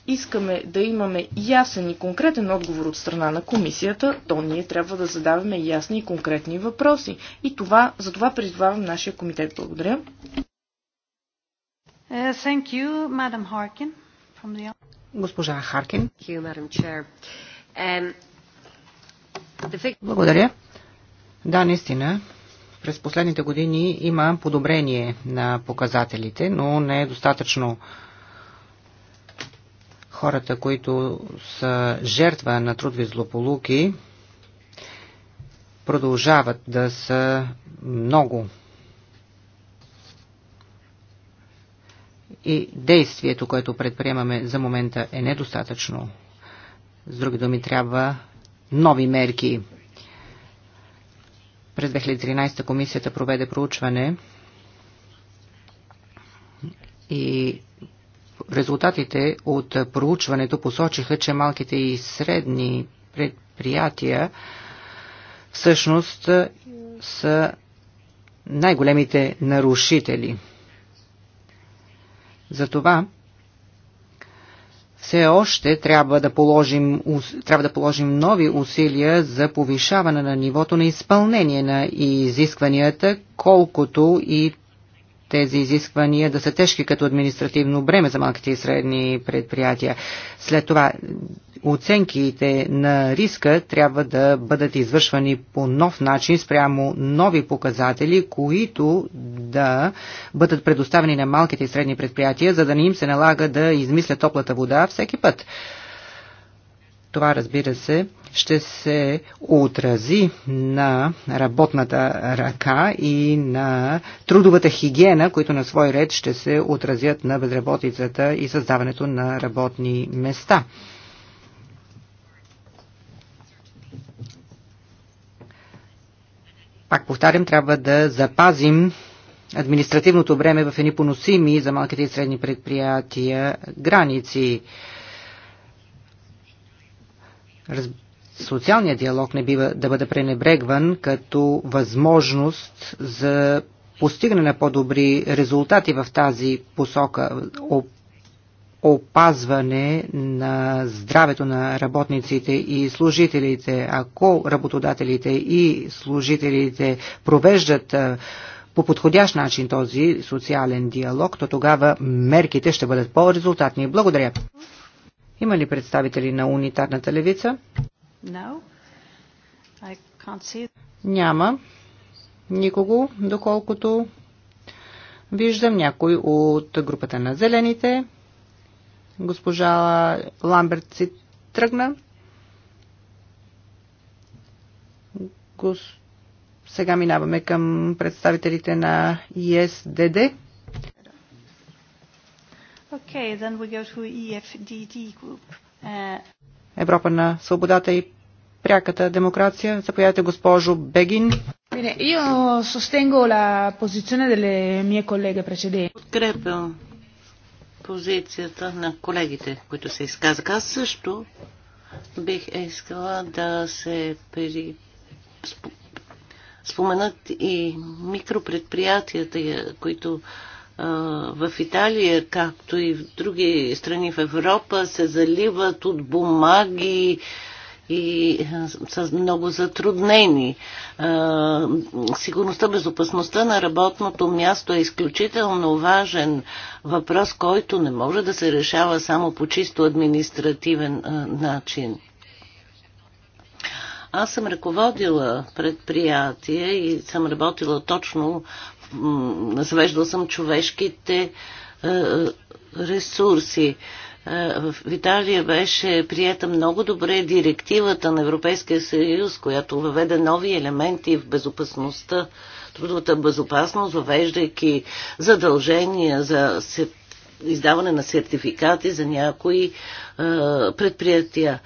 искаме да имаме ясен и конкретен отговор от страна на комисията, то ние трябва да задаваме ясни и конкретни въпроси. И това, за това призвавам нашия комитет. Благодаря. Uh, thank you, Madam Harkin. From the... Госпожа Харкин. Thank you, Madam Chair. Благодаря. Да, наистина. През последните години има подобрение на показателите, но не е достатъчно хората, които са жертва на трудови злополуки, продължават да са много. И действието, което предприемаме за момента е недостатъчно с други думи, трябва нови мерки. През 2013 комисията проведе проучване и резултатите от проучването посочиха, че малките и средни предприятия всъщност са най-големите нарушители. Затова все още трябва да положим, трябва да положим нови усилия за повишаване на нивото на изпълнение на изискванията, колкото и тези изисквания да са тежки като административно бреме за малките и средни предприятия. След това оценките на риска трябва да бъдат извършвани по нов начин спрямо нови показатели, които да бъдат предоставени на малките и средни предприятия, за да не им се налага да измислят топлата вода всеки път. Това, разбира се, ще се отрази на работната ръка и на трудовата хигиена, които на свой ред ще се отразят на безработицата и създаването на работни места. Пак повтарям, трябва да запазим административното време в едни поносими за малките и средни предприятия граници. Разбира Социалният диалог не бива да бъде пренебрегван като възможност за постигане на по-добри резултати в тази посока опазване на здравето на работниците и служителите. Ако работодателите и служителите провеждат по подходящ начин този социален диалог, то тогава мерките ще бъдат по-резултатни. Благодаря. Има ли представители на унитарната левица? Няма никого, доколкото виждам някой от групата на зелените. Госпожа Ламберт си тръгна. Сега минаваме към представителите на ИСДД. Okay, then we go to EFDD group. Uh... Европа на свободата и пряката демокрация. Заповядайте, госпожо Бегин. Подкрепям позицията на колегите, които се изказаха. Аз също бих искала да се при... споменат и микропредприятията, които в Италия, както и в други страни в Европа, се заливат от бумаги, и са много затруднени. Сигурността, безопасността на работното място е изключително важен въпрос, който не може да се решава само по чисто административен начин. Аз съм ръководила предприятие и съм работила точно, завеждала съм човешките ресурси. Е, в Италия беше приета много добре директивата на Европейския съюз, която въведе нови елементи в безопасността, трудовата безопасност, въвеждайки задължения за издаване на сертификати за някои е, предприятия.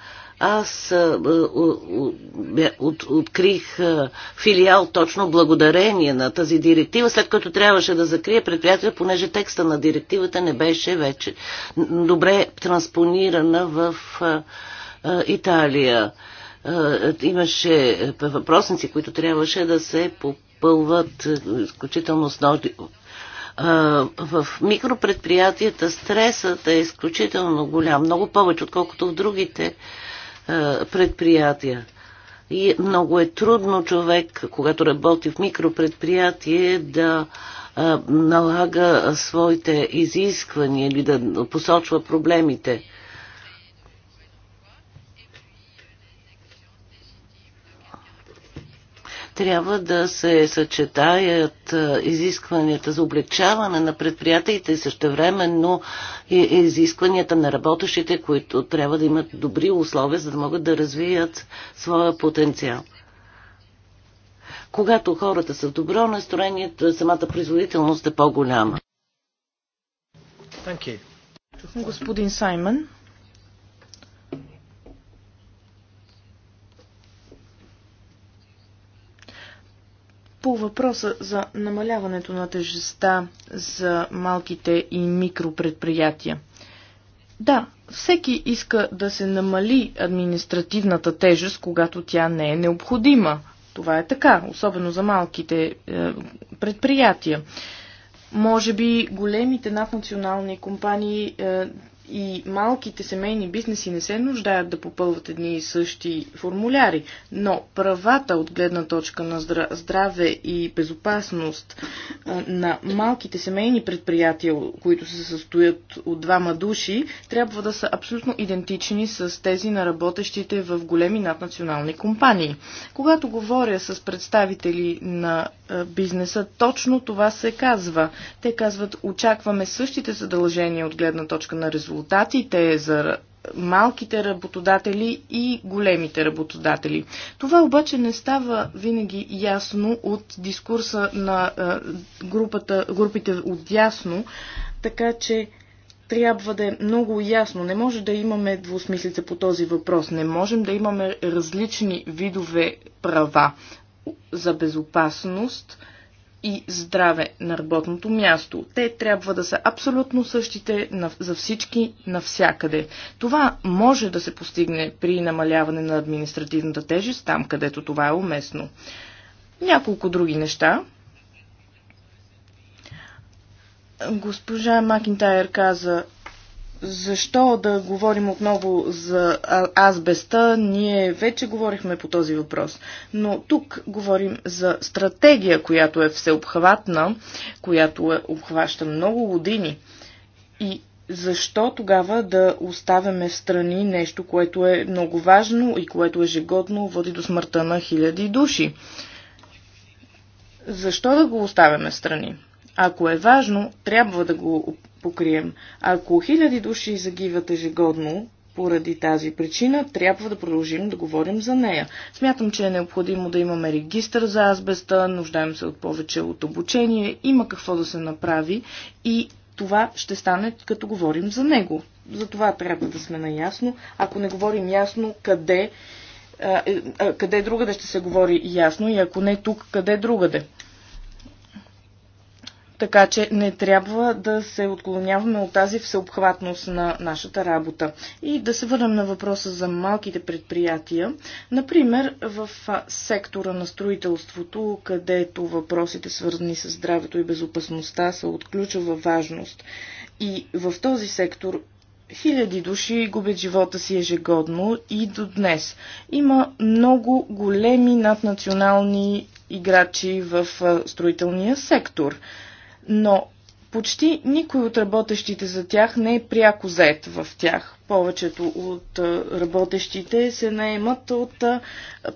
Аз а, у, у, от, открих а, филиал точно благодарение на тази директива, след като трябваше да закрия предприятието, понеже текста на директивата не беше вече добре транспонирана в а, а, Италия. А, имаше въпросници, които трябваше да се попълват, изключително с нощи в микропредприятията стресът е изключително голям, много повече, отколкото в другите е, предприятия. И много е трудно човек, когато работи в микропредприятие, да е, налага своите изисквания или да посочва проблемите. трябва да се съчетаят изискванията за облегчаване на предприятията и същевременно изискванията на работещите, които трябва да имат добри условия, за да могат да развият своя потенциал. Когато хората са в добро настроение, самата производителност е по-голяма. Господин Саймън. По въпроса за намаляването на тежестта за малките и микропредприятия. Да, всеки иска да се намали административната тежест, когато тя не е необходима. Това е така, особено за малките е, предприятия може би големите наднационални компании е, и малките семейни бизнеси не се нуждаят да попълват едни и същи формуляри, но правата от гледна точка на здраве и безопасност на малките семейни предприятия, които се състоят от двама души, трябва да са абсолютно идентични с тези на работещите в големи наднационални компании. Когато говоря с представители на бизнеса, точно това се казва. Те казват, очакваме същите задължения от гледна точка на резултатите резултатите за малките работодатели и големите работодатели. Това обаче не става винаги ясно от дискурса на групата, групите от ясно, така че трябва да е много ясно. Не може да имаме двусмислица по този въпрос. Не можем да имаме различни видове права за безопасност, и здраве на работното място. Те трябва да са абсолютно същите за всички навсякъде. Това може да се постигне при намаляване на административната тежест там, където това е уместно. Няколко други неща. Госпожа Макинтайр каза защо да говорим отново за азбеста? Ние вече говорихме по този въпрос. Но тук говорим за стратегия, която е всеобхватна, която е, обхваща много години. И защо тогава да оставяме в страни нещо, което е много важно и което ежегодно води до смъртта на хиляди души? Защо да го оставяме в страни? Ако е важно, трябва да го покрием. Ако хиляди души загиват ежегодно, поради тази причина трябва да продължим да говорим за нея. Смятам, че е необходимо да имаме регистър за азбеста, нуждаем се от повече от обучение, има какво да се направи и това ще стане като говорим за него. За това трябва да сме наясно. Ако не говорим ясно, къде, е, къде другаде ще се говори ясно и ако не тук, къде другаде. Така че не трябва да се отклоняваме от тази всеобхватност на нашата работа. И да се върнем на въпроса за малките предприятия. Например, в сектора на строителството, където въпросите свързани с здравето и безопасността са от ключова важност. И в този сектор хиляди души губят живота си ежегодно и до днес. Има много големи наднационални играчи в строителния сектор но почти никой от работещите за тях не е пряко зает в тях. Повечето от работещите се наемат от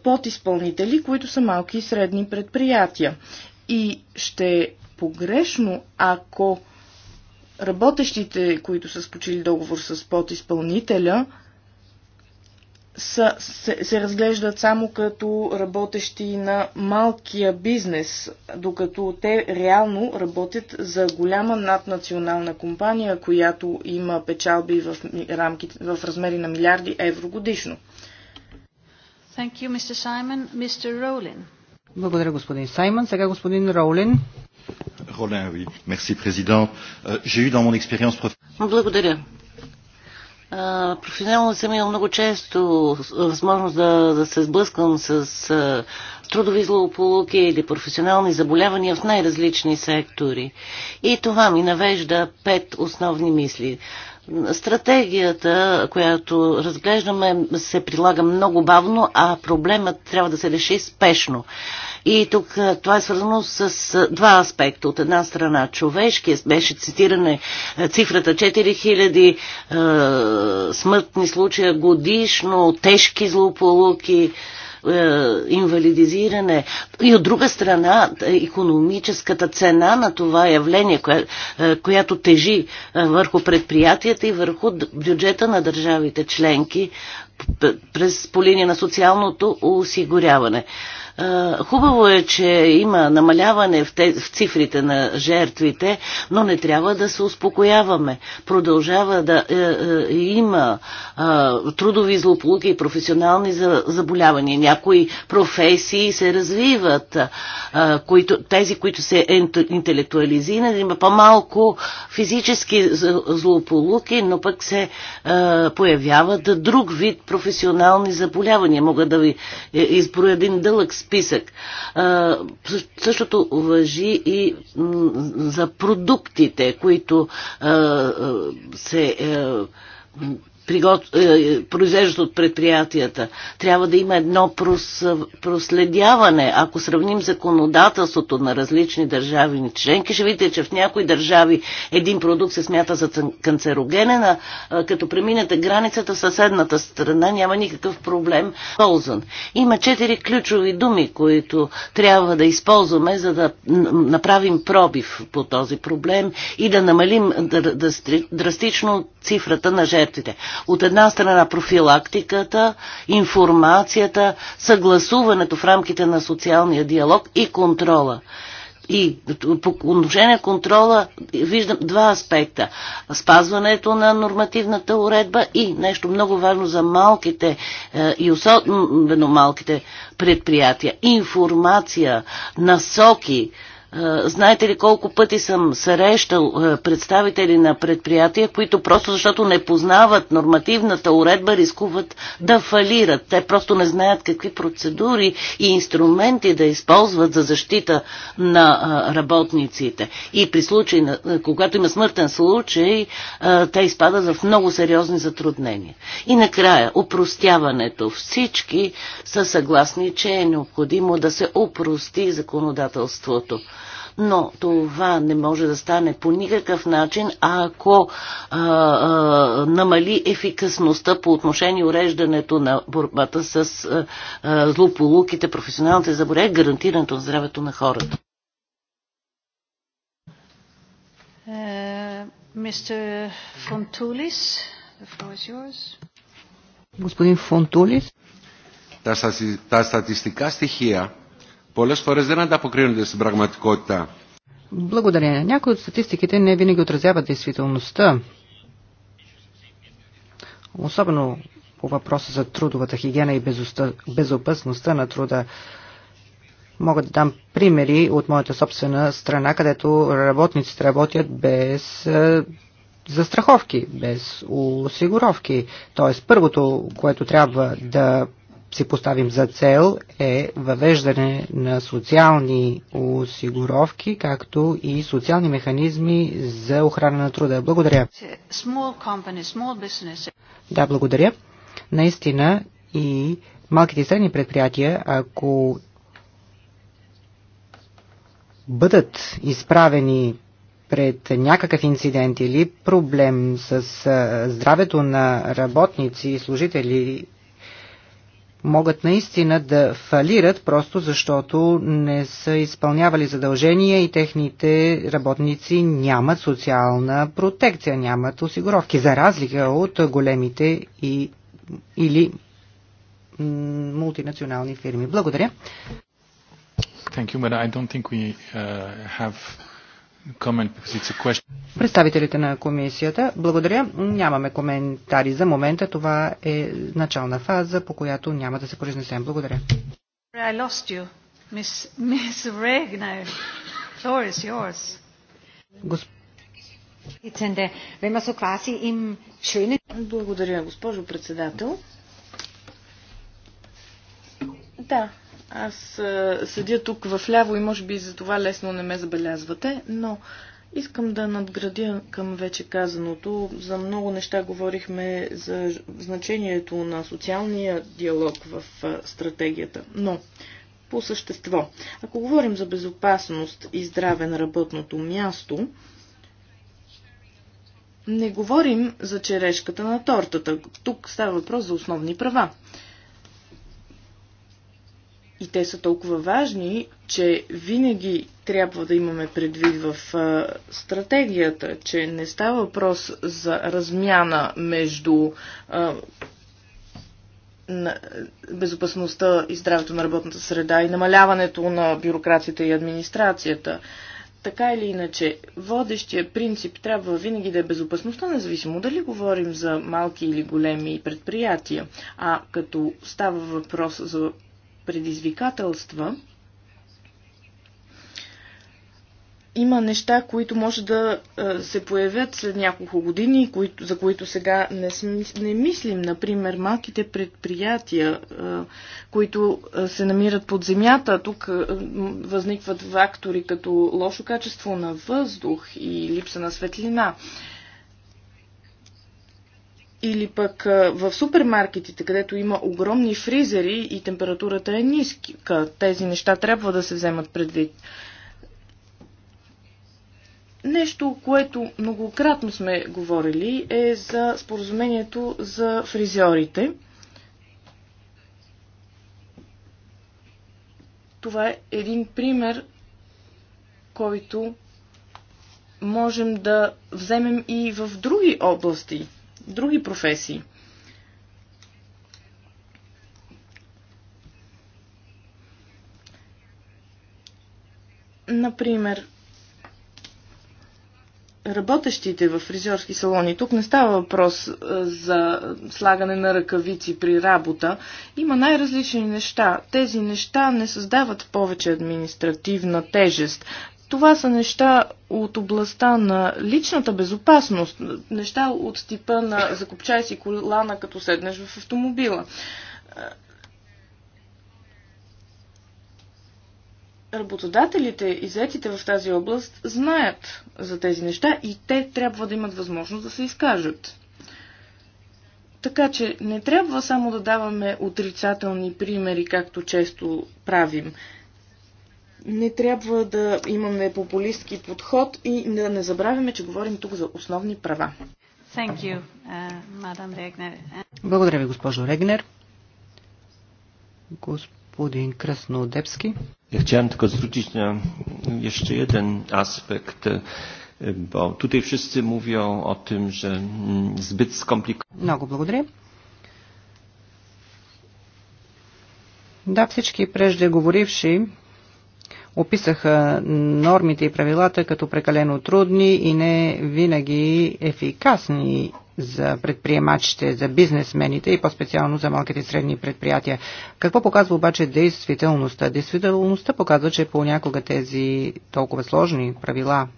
подизпълнители, които са малки и средни предприятия. И ще е погрешно, ако работещите, които са спочили договор с подизпълнителя, са, се, се разглеждат само като работещи на малкия бизнес, докато те реално работят за голяма наднационална компания, която има печалби в, рамките, в размери на милиарди евро годишно. Thank you, Mr. Simon. Mr. Rowling. Благодаря, господин Саймон. Сега господин Роулин. Роулин, oui. Merci, président. Euh, j'ai eu dans mon expérience... Благодаря. Професионално съм имал много често възможност да, да се сблъскам с а, трудови злополуки или професионални заболявания в най-различни сектори. И това ми навежда пет основни мисли. Стратегията, която разглеждаме, се прилага много бавно, а проблемът трябва да се реши спешно. И тук това е свързано с два аспекта. От една страна човешкият, беше цитиране цифрата 4000 е, смъртни случая годишно, тежки злополуки, е, е, инвалидизиране и от друга страна економическата цена на това явление, коя, е, която тежи е, върху предприятията и върху бюджета на държавите членки през по линия на социалното осигуряване. Хубаво е, че има намаляване в, те, в цифрите на жертвите, но не трябва да се успокояваме. Продължава да е, е, има е, трудови злополуки и професионални за, заболявания. Някои професии се развиват, е, които, тези, които се интелектуализират, има по-малко физически злополуки, но пък се е, появяват друг вид професионални заболявания. Мога да ви е, изброя един дълъг списък списък. Същото въжи и за продуктите, които се е, произвеждат от предприятията. Трябва да има едно проследяване. Ако сравним законодателството на различни държави членки, ще видите, че в някои държави един продукт се смята за канцерогенен, а като преминете границата в съседната страна няма никакъв проблем. Ползан. Има четири ключови думи, които трябва да използваме, за да направим пробив по този проблем и да намалим драстично цифрата на жертвите. От една страна профилактиката, информацията, съгласуването в рамките на социалния диалог и контрола. И по отношение контрола виждам два аспекта. Спазването на нормативната уредба и нещо много важно за малките е, и особено малките предприятия. Информация, насоки, е, знаете ли колко пъти съм срещал е, представители на предприятия, които просто защото не познават нормативната уредба, рискуват да фалират. Те просто не знаят какви процедури и инструменти да използват за защита на е, работниците. И при случай, когато има смъртен случай, те изпадат в много сериозни затруднения. И накрая, упростяването. Всички са съгласни, че е необходимо да се упрости законодателството но това не може да стане по никакъв начин, ако а, а, намали ефикасността по отношение уреждането на борбата с а, а, злополуките, професионалните заболявания, гарантирането на здравето на хората. Е, Господин Фонтулис. Τα статистика стихия πολλές φορές δεν ανταποκρίνονται στην πραγματικότητα. Благодаря. Някои от статистиките не винаги отразяват действителността. Особено по въпроса за трудовата хигиена и безопасността на труда. Мога да дам примери от моята собствена страна, където работниците работят без е, застраховки, без осигуровки. Тоест, първото, което трябва да си поставим за цел е въвеждане на социални осигуровки, както и социални механизми за охрана на труда. Благодаря. Small company, small да, благодаря. Наистина и малките и средни предприятия, ако бъдат изправени пред някакъв инцидент или проблем с здравето на работници и служители могат наистина да фалират, просто защото не са изпълнявали задължения и техните работници нямат социална протекция, нямат осигуровки, за разлика от големите и, или мултинационални фирми. Благодаря. Thank you, but I don't think we uh, have Представителите на комисията, благодаря. Нямаме коментари за момента. Това е начална фаза, по която няма да се произнесем. Благодаря. I lost you. Miss, Miss Regner, floor is yours. Благодаря, госпожо председател. Да, аз а, седя тук в ляво и може би за това лесно не ме забелязвате, но искам да надградя към вече казаното. За много неща говорихме за значението на социалния диалог в стратегията. Но по същество, ако говорим за безопасност и здраве на работното място, не говорим за черешката на тортата. Тук става въпрос за основни права и те са толкова важни, че винаги трябва да имаме предвид в а, стратегията, че не става въпрос за размяна между а, на безопасността и здравето на работната среда и намаляването на бюрокрацията и администрацията. Така или иначе, водещия принцип трябва винаги да е безопасността, независимо дали говорим за малки или големи предприятия. А като става въпрос за предизвикателства, има неща, които може да се появят след няколко години, които, за които сега не, не мислим. Например, малките предприятия, които се намират под земята. Тук възникват фактори като лошо качество на въздух и липса на светлина. Или пък в супермаркетите, където има огромни фризери и температурата е ниска. Тези неща трябва да се вземат предвид. Нещо, което многократно сме говорили е за споразумението за фризьорите. Това е един пример, който можем да вземем и в други области други професии. Например, работещите в фризьорски салони, тук не става въпрос е, за слагане на ръкавици при работа, има най-различни неща. Тези неща не създават повече административна тежест. Това са неща от областта на личната безопасност, неща от типа на закопчай си колана, като седнеш в автомобила. работодателите и заетите в тази област знаят за тези неща и те трябва да имат възможност да се изкажат. Така че не трябва само да даваме отрицателни примери, както често правим не трябва да имаме популистски подход и да не забравяме, че говорим тук за основни права. Thank you, uh, Благодаря ви, госпожо Регнер. Господин Краснодепски. Ja chciałem tylko zwrócić na jeszcze jeden aspekt, e, bo tutaj wszyscy mówią o tym, że mm, zbyt skomplikowane. Много благодаря. Да, всички преждеговоривши описаха нормите и правилата като прекалено трудни и не винаги ефикасни за предприемачите, за бизнесмените и по-специално за малките и средни предприятия. Какво показва обаче действителността? Действителността показва, че понякога тези толкова сложни правила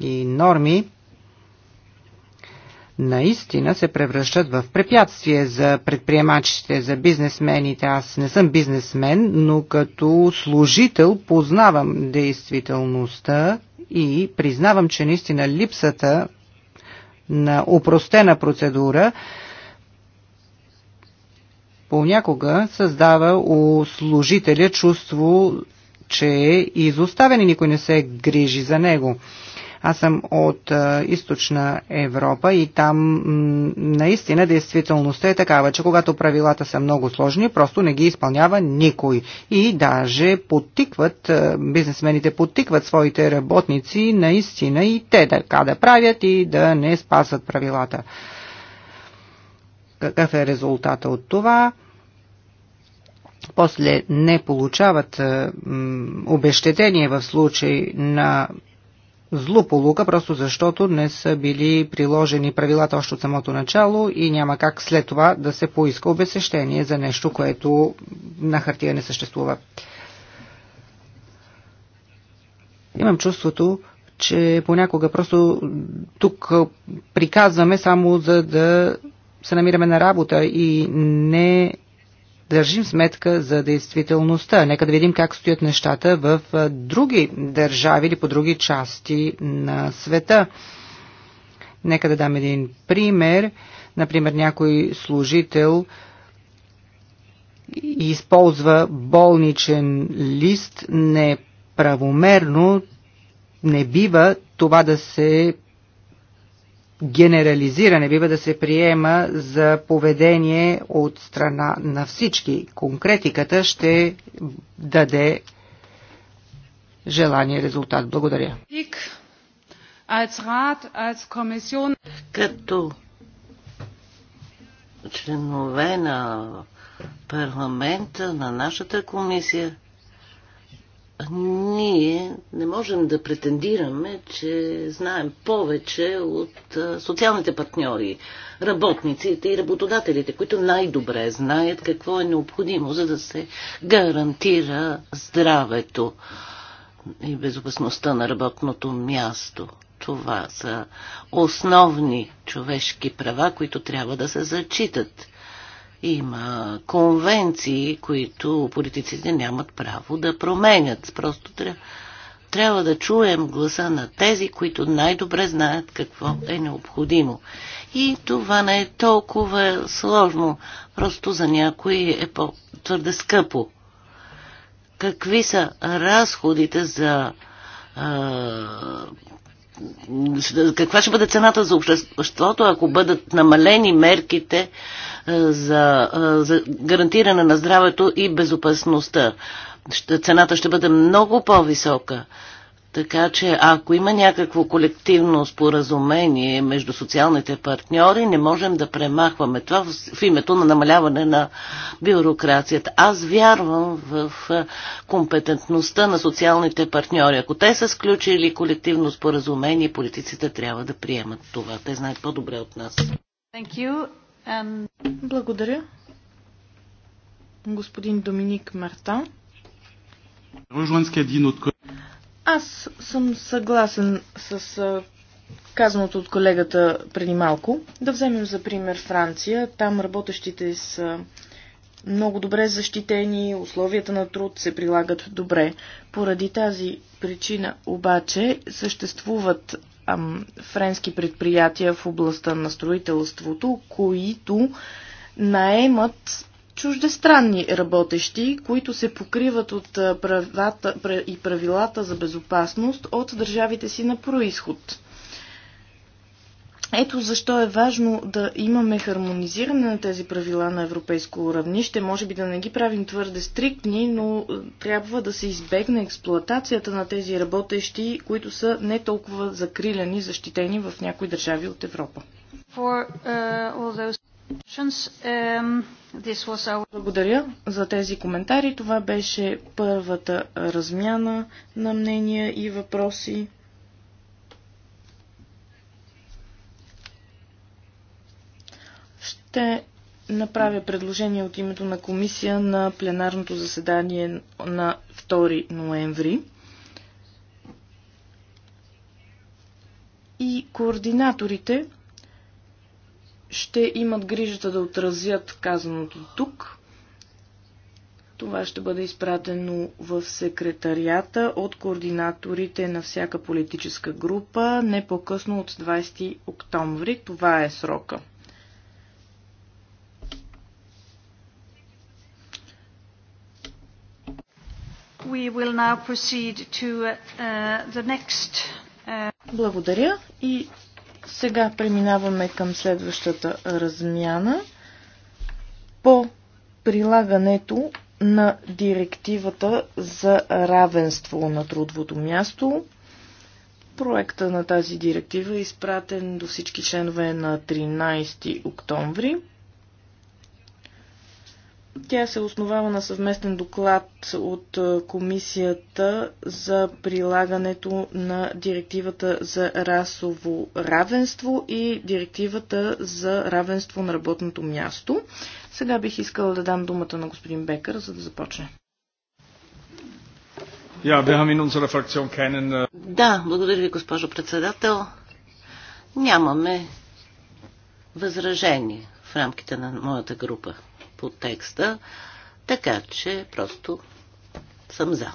и норми наистина се превръщат в препятствие за предприемачите, за бизнесмените. Аз не съм бизнесмен, но като служител познавам действителността и признавам, че наистина липсата на упростена процедура понякога създава у служителя чувство, че е изоставен и никой не се грижи за него. Аз съм от а, източна Европа и там наистина действителността е такава, че когато правилата са много сложни, просто не ги изпълнява никой. И даже подтикват, а, бизнесмените подтикват своите работници наистина и те така да правят и да не спазват правилата. Какъв е резултата от това? после не получават обещетение в случай на злополука, просто защото не са били приложени правилата още от самото начало и няма как след това да се поиска обесещение за нещо, което на хартия не съществува. Имам чувството, че понякога просто тук приказваме само за да се намираме на работа и не държим сметка за действителността. Нека да видим как стоят нещата в други държави или по други части на света. Нека да дам един пример. Например, някой служител използва болничен лист неправомерно. Не бива това да се Генерализиране, бива да се приема за поведение от страна на всички. Конкретиката ще даде желания резултат. Благодаря. Като членове на парламента, на нашата комисия, ние не можем да претендираме, че знаем повече от социалните партньори, работниците и работодателите, които най-добре знаят какво е необходимо, за да се гарантира здравето и безопасността на работното място. Това са основни човешки права, които трябва да се зачитат. Има конвенции, които политиците нямат право да променят. Просто трябва, трябва да чуем гласа на тези, които най-добре знаят какво е необходимо. И това не е толкова сложно, просто за някои е по-твърде скъпо. Какви са разходите за каква ще бъде цената за обществото, ако бъдат намалени мерките е, за, е, за гарантиране на здравето и безопасността? Цената ще бъде много по-висока. Така че ако има някакво колективно споразумение между социалните партньори, не можем да премахваме това в името на намаляване на бюрокрацията. Аз вярвам в компетентността на социалните партньори. Ако те са сключили колективно споразумение, политиците трябва да приемат това. Те знаят по-добре от нас. And... Um, Благодаря. Господин Доминик Мартан. Аз съм съгласен с а, казаното от колегата преди малко. Да вземем за пример Франция. Там работещите са много добре защитени, условията на труд се прилагат добре. Поради тази причина обаче съществуват ам, френски предприятия в областта на строителството, които наемат чуждестранни работещи, които се покриват от правата и правилата за безопасност от държавите си на происход. Ето защо е важно да имаме хармонизиране на тези правила на европейско равнище. Може би да не ги правим твърде стриктни, но трябва да се избегне експлоатацията на тези работещи, които са не толкова закриляни, защитени в някои държави от Европа. For, uh, those... Благодаря за тези коментари. Това беше първата размяна на мнения и въпроси. Ще направя предложение от името на комисия на пленарното заседание на 2 ноември. И координаторите ще имат грижата да отразят казаното тук. Това ще бъде изпратено в секретарията от координаторите на всяка политическа група не по-късно от 20 октомври. Това е срока. We will now proceed to uh, the next. Uh... Благодаря и сега преминаваме към следващата размяна по прилагането на директивата за равенство на трудвото място. Проекта на тази директива е изпратен до всички членове на 13 октомври. Тя се основава на съвместен доклад от е, Комисията за прилагането на Директивата за расово равенство и Директивата за равенство на работното място. Сега бих искала да дам думата на господин Бекър, за да започне. keinen... Äh, да, благодаря ви, госпожо председател. Нямаме възражение в рамките на моята група по текста, така че просто съм за.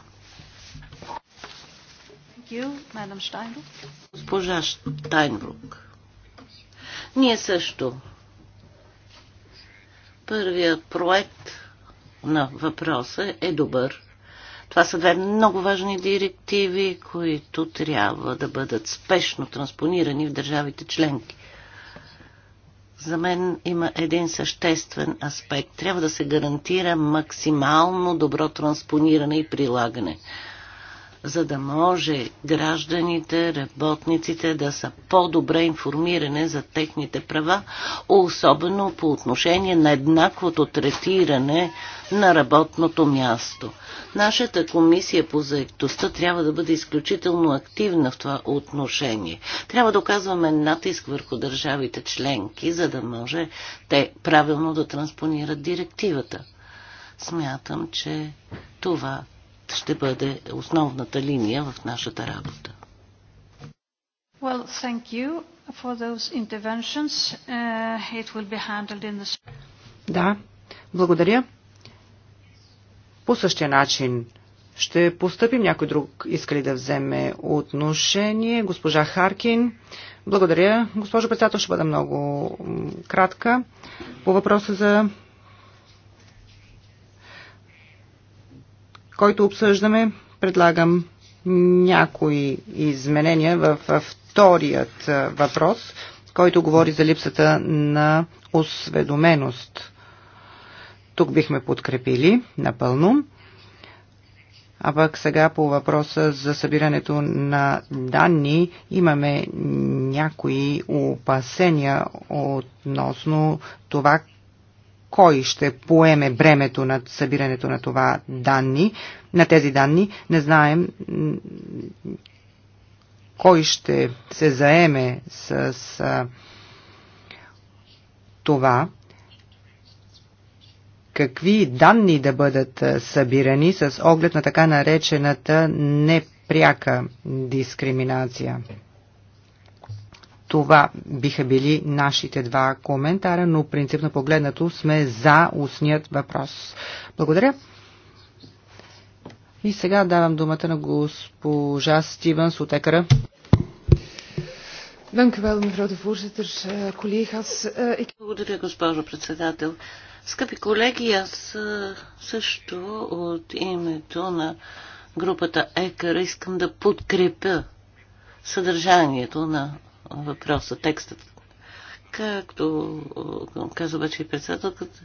Госпожа Штайнбрук. Ние също. Първият проект на въпроса е добър. Това са две много важни директиви, които трябва да бъдат спешно транспонирани в държавите членки за мен има един съществен аспект. Трябва да се гарантира максимално добро транспониране и прилагане за да може гражданите, работниците да са по-добре информирани за техните права, особено по отношение на еднаквото третиране на работното място. Нашата комисия по заектостта трябва да бъде изключително активна в това отношение. Трябва да оказваме натиск върху държавите членки, за да може те правилно да транспонират директивата. Смятам, че това ще бъде основната линия в нашата работа. Well, thank you for those interventions. Uh, it will be handled in the... Да, благодаря. По същия начин ще поступим. Някой друг иска ли да вземе отношение? Госпожа Харкин. Благодаря. Госпожо председател, ще бъда много кратка. По въпроса за който обсъждаме, предлагам някои изменения в вторият въпрос, който говори за липсата на осведоменост. Тук бихме подкрепили напълно. А пък сега по въпроса за събирането на данни имаме някои опасения относно това кой ще поеме бремето на събирането на това данни, на тези данни. Не знаем кой ще се заеме с а, това, какви данни да бъдат събирани с оглед на така наречената непряка дискриминация. Това биха били нашите два коментара, но принципно погледнато сме за устният въпрос. Благодаря. И сега давам думата на госпожа Стивен от eh, eh, Благодаря, госпожо председател. Скъпи колеги, аз е, също от името на групата ЕКАР искам да подкрепя съдържанието на въпроса, текстът. Както каза вече и председателката,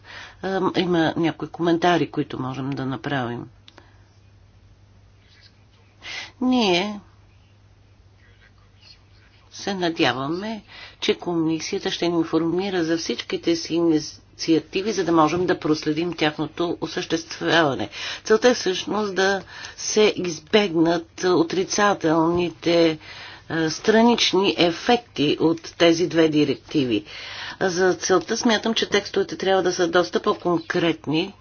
има някои коментари, които можем да направим. Ние се надяваме, че комисията ще ни информира за всичките си инициативи, за да можем да проследим тяхното осъществяване. Целта е всъщност да се избегнат отрицателните е, странични ефекти от тези две директиви. За целта смятам, че текстовете трябва да са доста по-конкретни е,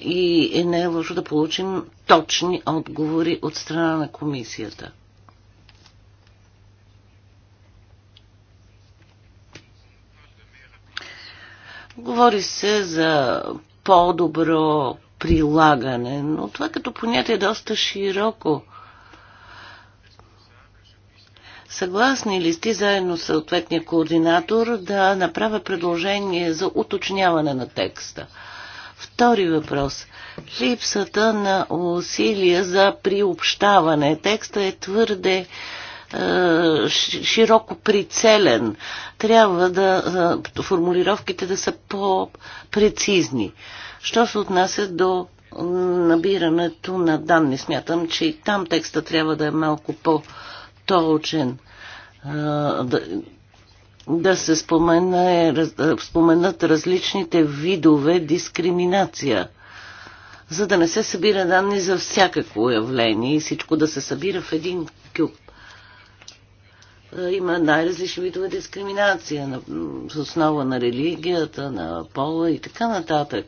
и е не е лошо да получим точни отговори от страна на комисията. Говори се за по-добро прилагане, но това като понятие е доста широко Съгласни ли сте заедно с съответния координатор да направя предложение за уточняване на текста? Втори въпрос. Липсата на усилия за приобщаване. Текста е твърде е, широко прицелен. Трябва да е, формулировките да са по-прецизни. Що се отнася до набирането на данни? Смятам, че и там текста трябва да е малко по-прецизен точен. Да, да се спомена, е, споменат различните видове дискриминация, за да не се събира данни за всякакво явление и всичко да се събира в един кюб има най-различни видове дискриминация на, с основа на религията, на пола и така нататък.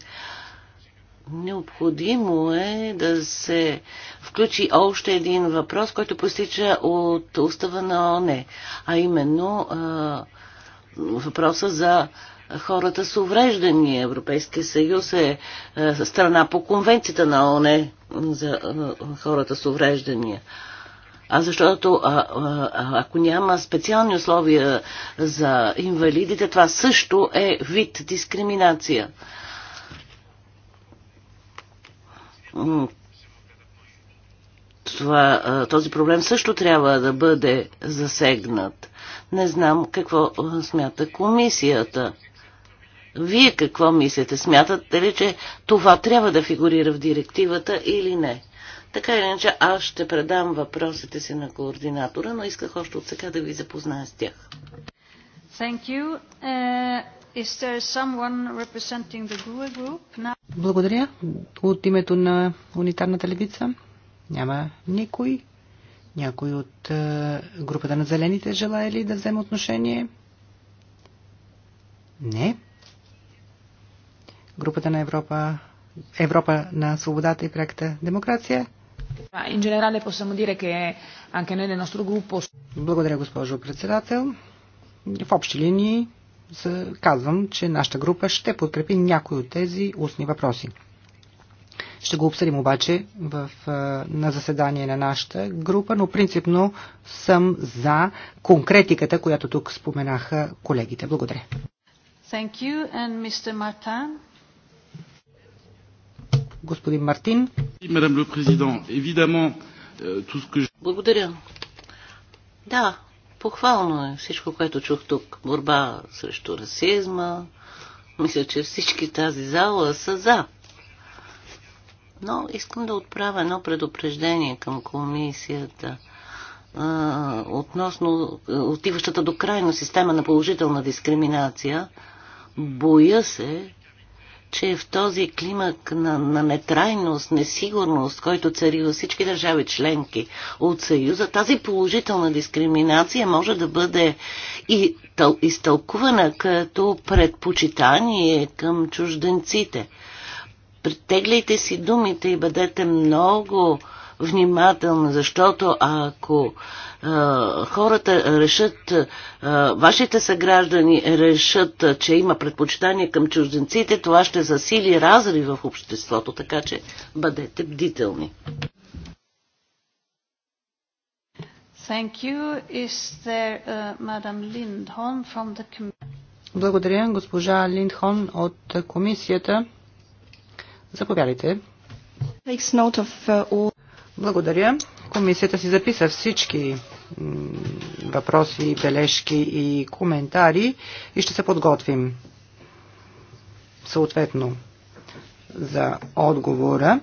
Необходимо е да се включи още един въпрос, който постича от устава на ОНЕ, а именно а, въпроса за хората с увреждания. Европейския съюз е а, страна по конвенцията на ОНЕ за а, хората с увреждания. А защото а, а, ако няма специални условия за инвалидите, това също е вид дискриминация. това, този проблем също трябва да бъде засегнат. Не знам какво смята комисията. Вие какво мислите? Смятате ли, че това трябва да фигурира в директивата или не? Така или иначе, аз ще предам въпросите си на координатора, но исках още от сега да ви запозная с тях. Thank you. Uh, E Благодаря. От името на унитарната левица няма никой. Някой от е, групата на зелените желая ли да вземе отношение? Не. Групата на Европа, Европа на свободата и проекта демокрация? In generale possiamo dire che anche noi nel nostro gruppo... Благодаря, госпожо председател. В общи линии казвам, че нашата група ще подкрепи някои от тези устни въпроси. Ще го обсъдим обаче в, на заседание на нашата група, но принципно съм за конкретиката, която тук споменаха колегите. Благодаря. Thank you and Mr. Martin. Господин Мартин. Euh, Благодаря. Да, похвално е всичко, което чух тук. Борба срещу расизма. Мисля, че всички тази зала са за. Но искам да отправя едно предупреждение към комисията а, относно отиващата до крайна система на положителна дискриминация. Боя се, че в този климат на, на нетрайност, несигурност, който цари във всички държави членки от Съюза, тази положителна дискриминация може да бъде и тъл, изтълкувана като предпочитание към чужденците. Притегляйте си думите и бъдете много внимателна, защото ако а, хората решат, а, вашите съграждани решат, а, че има предпочитание към чужденците, това ще засили разри в обществото, така че бъдете бдителни. Thank you. Is there, uh, Madam from the Благодаря, госпожа Линдхон от комисията. Заповядайте. Takes note of uh, all благодаря. Комисията си записа всички въпроси, бележки и коментари и ще се подготвим съответно за отговора.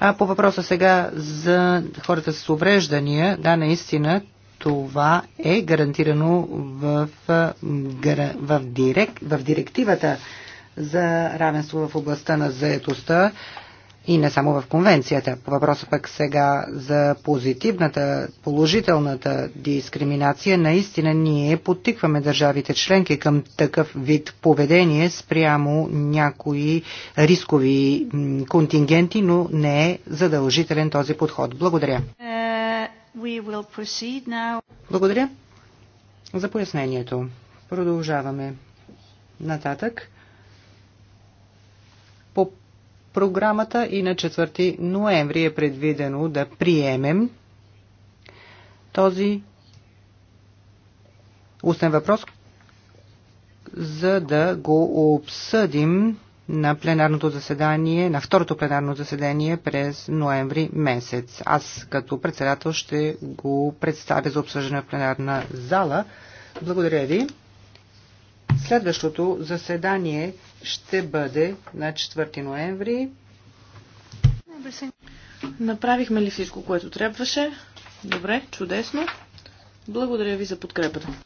А по въпроса сега за хората с увреждания, да, наистина това е гарантирано в, в, в, директ, в директивата за равенство в областта на заетостта и не само в конвенцията. По въпроса пък сега за позитивната, положителната дискриминация, наистина ние подтикваме държавите членки към такъв вид поведение спрямо някои рискови контингенти, но не е задължителен този подход. Благодаря. Uh, Благодаря за пояснението. Продължаваме нататък програмата и на 4 ноември е предвидено да приемем този устен въпрос, за да го обсъдим на пленарното заседание, на второто пленарно заседание през ноември месец. Аз като председател ще го представя за обсъждане в пленарна зала. Благодаря ви. Следващото заседание ще бъде на 4 ноември. Направихме ли всичко, което трябваше? Добре, чудесно. Благодаря ви за подкрепата.